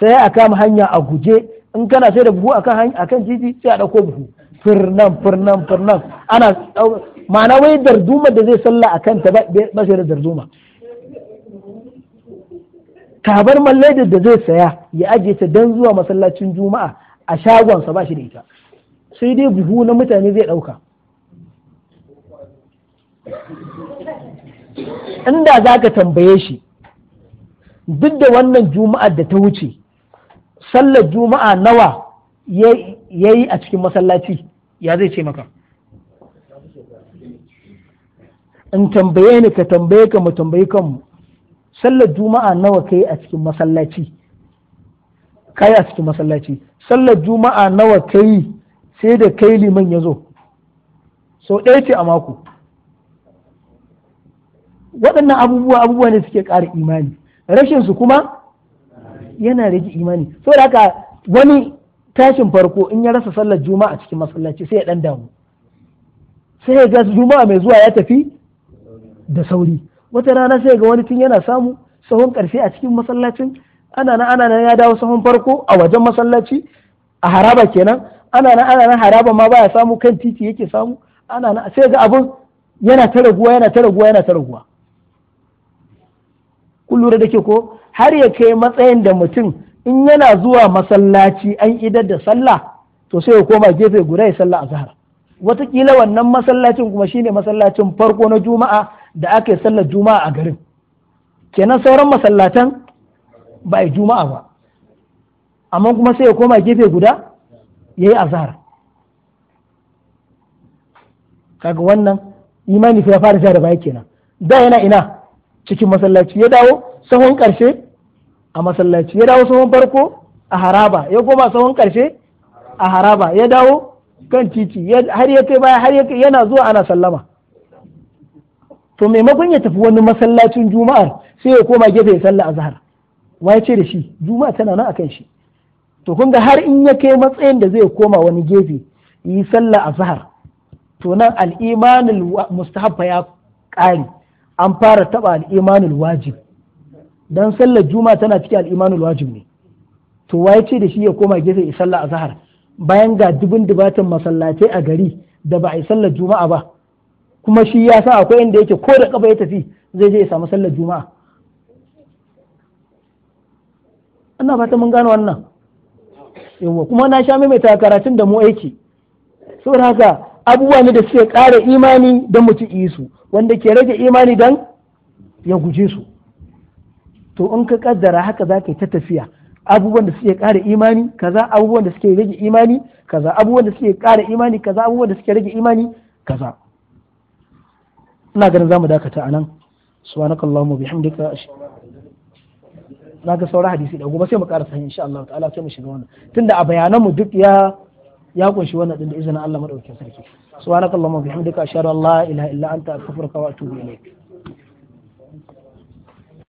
sai a kama hanya a guje in kana sai da buhu akan akan titi sai a dauko buhu firnan firnan firnan ana ma'ana wai darduma da zai salla akan ta ba sai da darduma kabar malladar da zai saya ya ajiye ta dan zuwa masallacin juma'a a shagonsa ba shi da ita sai dai buhu na mutane zai ɗauka inda za ka tambaye shi duk da wannan juma'ar da ta wuce sallar juma'a nawa ya yi a cikin masallaci ya zai ce maka in tambaye ni ka tambaye ka mu tambayi kanmu sallar juma'a nawa kai a cikin masallaci kai a cikin masallaci sallar juma'a nawa ka yi, sai da kai liman ya zo sau ɗaya ce a mako waɗannan abubuwa abubuwa ne suke ƙara imani rashin su kuma yana rage imani da haka wani tashin farko in ya rasa sallar juma'a cikin masallaci sai ya dan damu sai ya ga juma'a mai zuwa ya tafi da sauri wata rana sai ga wani tun yana samu sahun karfe a cikin masallacin ana na ana na ya dawo sahun farko a wajen masallaci a haraba kenan ana na ana na haraba ma baya samu kan titi yake samu ana na sai ga abun yana ta raguwa yana ta raguwa yana ta raguwa kun lura da ke ko har ya kai matsayin da mutum in yana zuwa masallaci an idar da sallah to sai ya koma gefe guda ya sallah azhar watakila wannan masallacin kuma shine masallacin farko na juma'a da aka yi sallar juma'a a garin kenan sauran masallatan ba a juma'a ba amma kuma sai ya koma gefe guda ya yi azhar kaga wannan imani ya fara da baya kenan da yana ina cikin masallaci ya dawo sahun ƙarshe a masallaci ya dawo sahun farko a haraba ya koma sahun ƙarshe a haraba ya dawo kan titi har ya kai baya har ya kai yana zuwa ana sallama to maimakon ya tafi wani masallacin juma'ar sai ya koma gefe ya salla azhar wa ya ce da shi juma'a tana nan akan shi to kun ga har in ya kai matsayin da zai koma wani gefe yi sallah azhar to nan al-imanul mustahab ya ƙari an fara taɓa al-imanul wajib dan sallar juma'a tana cikin al'imanul wajib ne to waye ce da shi ya koma gefe ya sallah azhar bayan ga dubin dubatan masallatai a gari da ba a yi sallar juma'a ba kuma shi ya san akwai inda yake ko da kaba ya tafi zai je ya samu sallar juma'a ina fata mun gane wannan yawa kuma na sha mai karatun da mu aiki saboda haka abubuwa ne da suke ƙara imani don mutum isu wanda ke rage imani dan ya guje su to in ka kaddara haka za ka yi ta tafiya abubuwan da suke ƙara imani kaza abubuwan da suke rage imani kaza abubuwan da suke ƙara imani kaza abubuwan da suke rage imani kaza ina ganin zamu dakata anan subhanakallahumma bihamdika na ga sauran hadisi da gobe sai mu ƙara sahihin insha Allah ta'ala sai mu shiga wannan tunda a bayanan mu duk ya ya kunshi wannan din da izinin Allah madaukakin sarki subhanakallahumma bihamdika ashhadu an la ilaha illa anta astaghfiruka wa atubu ilayk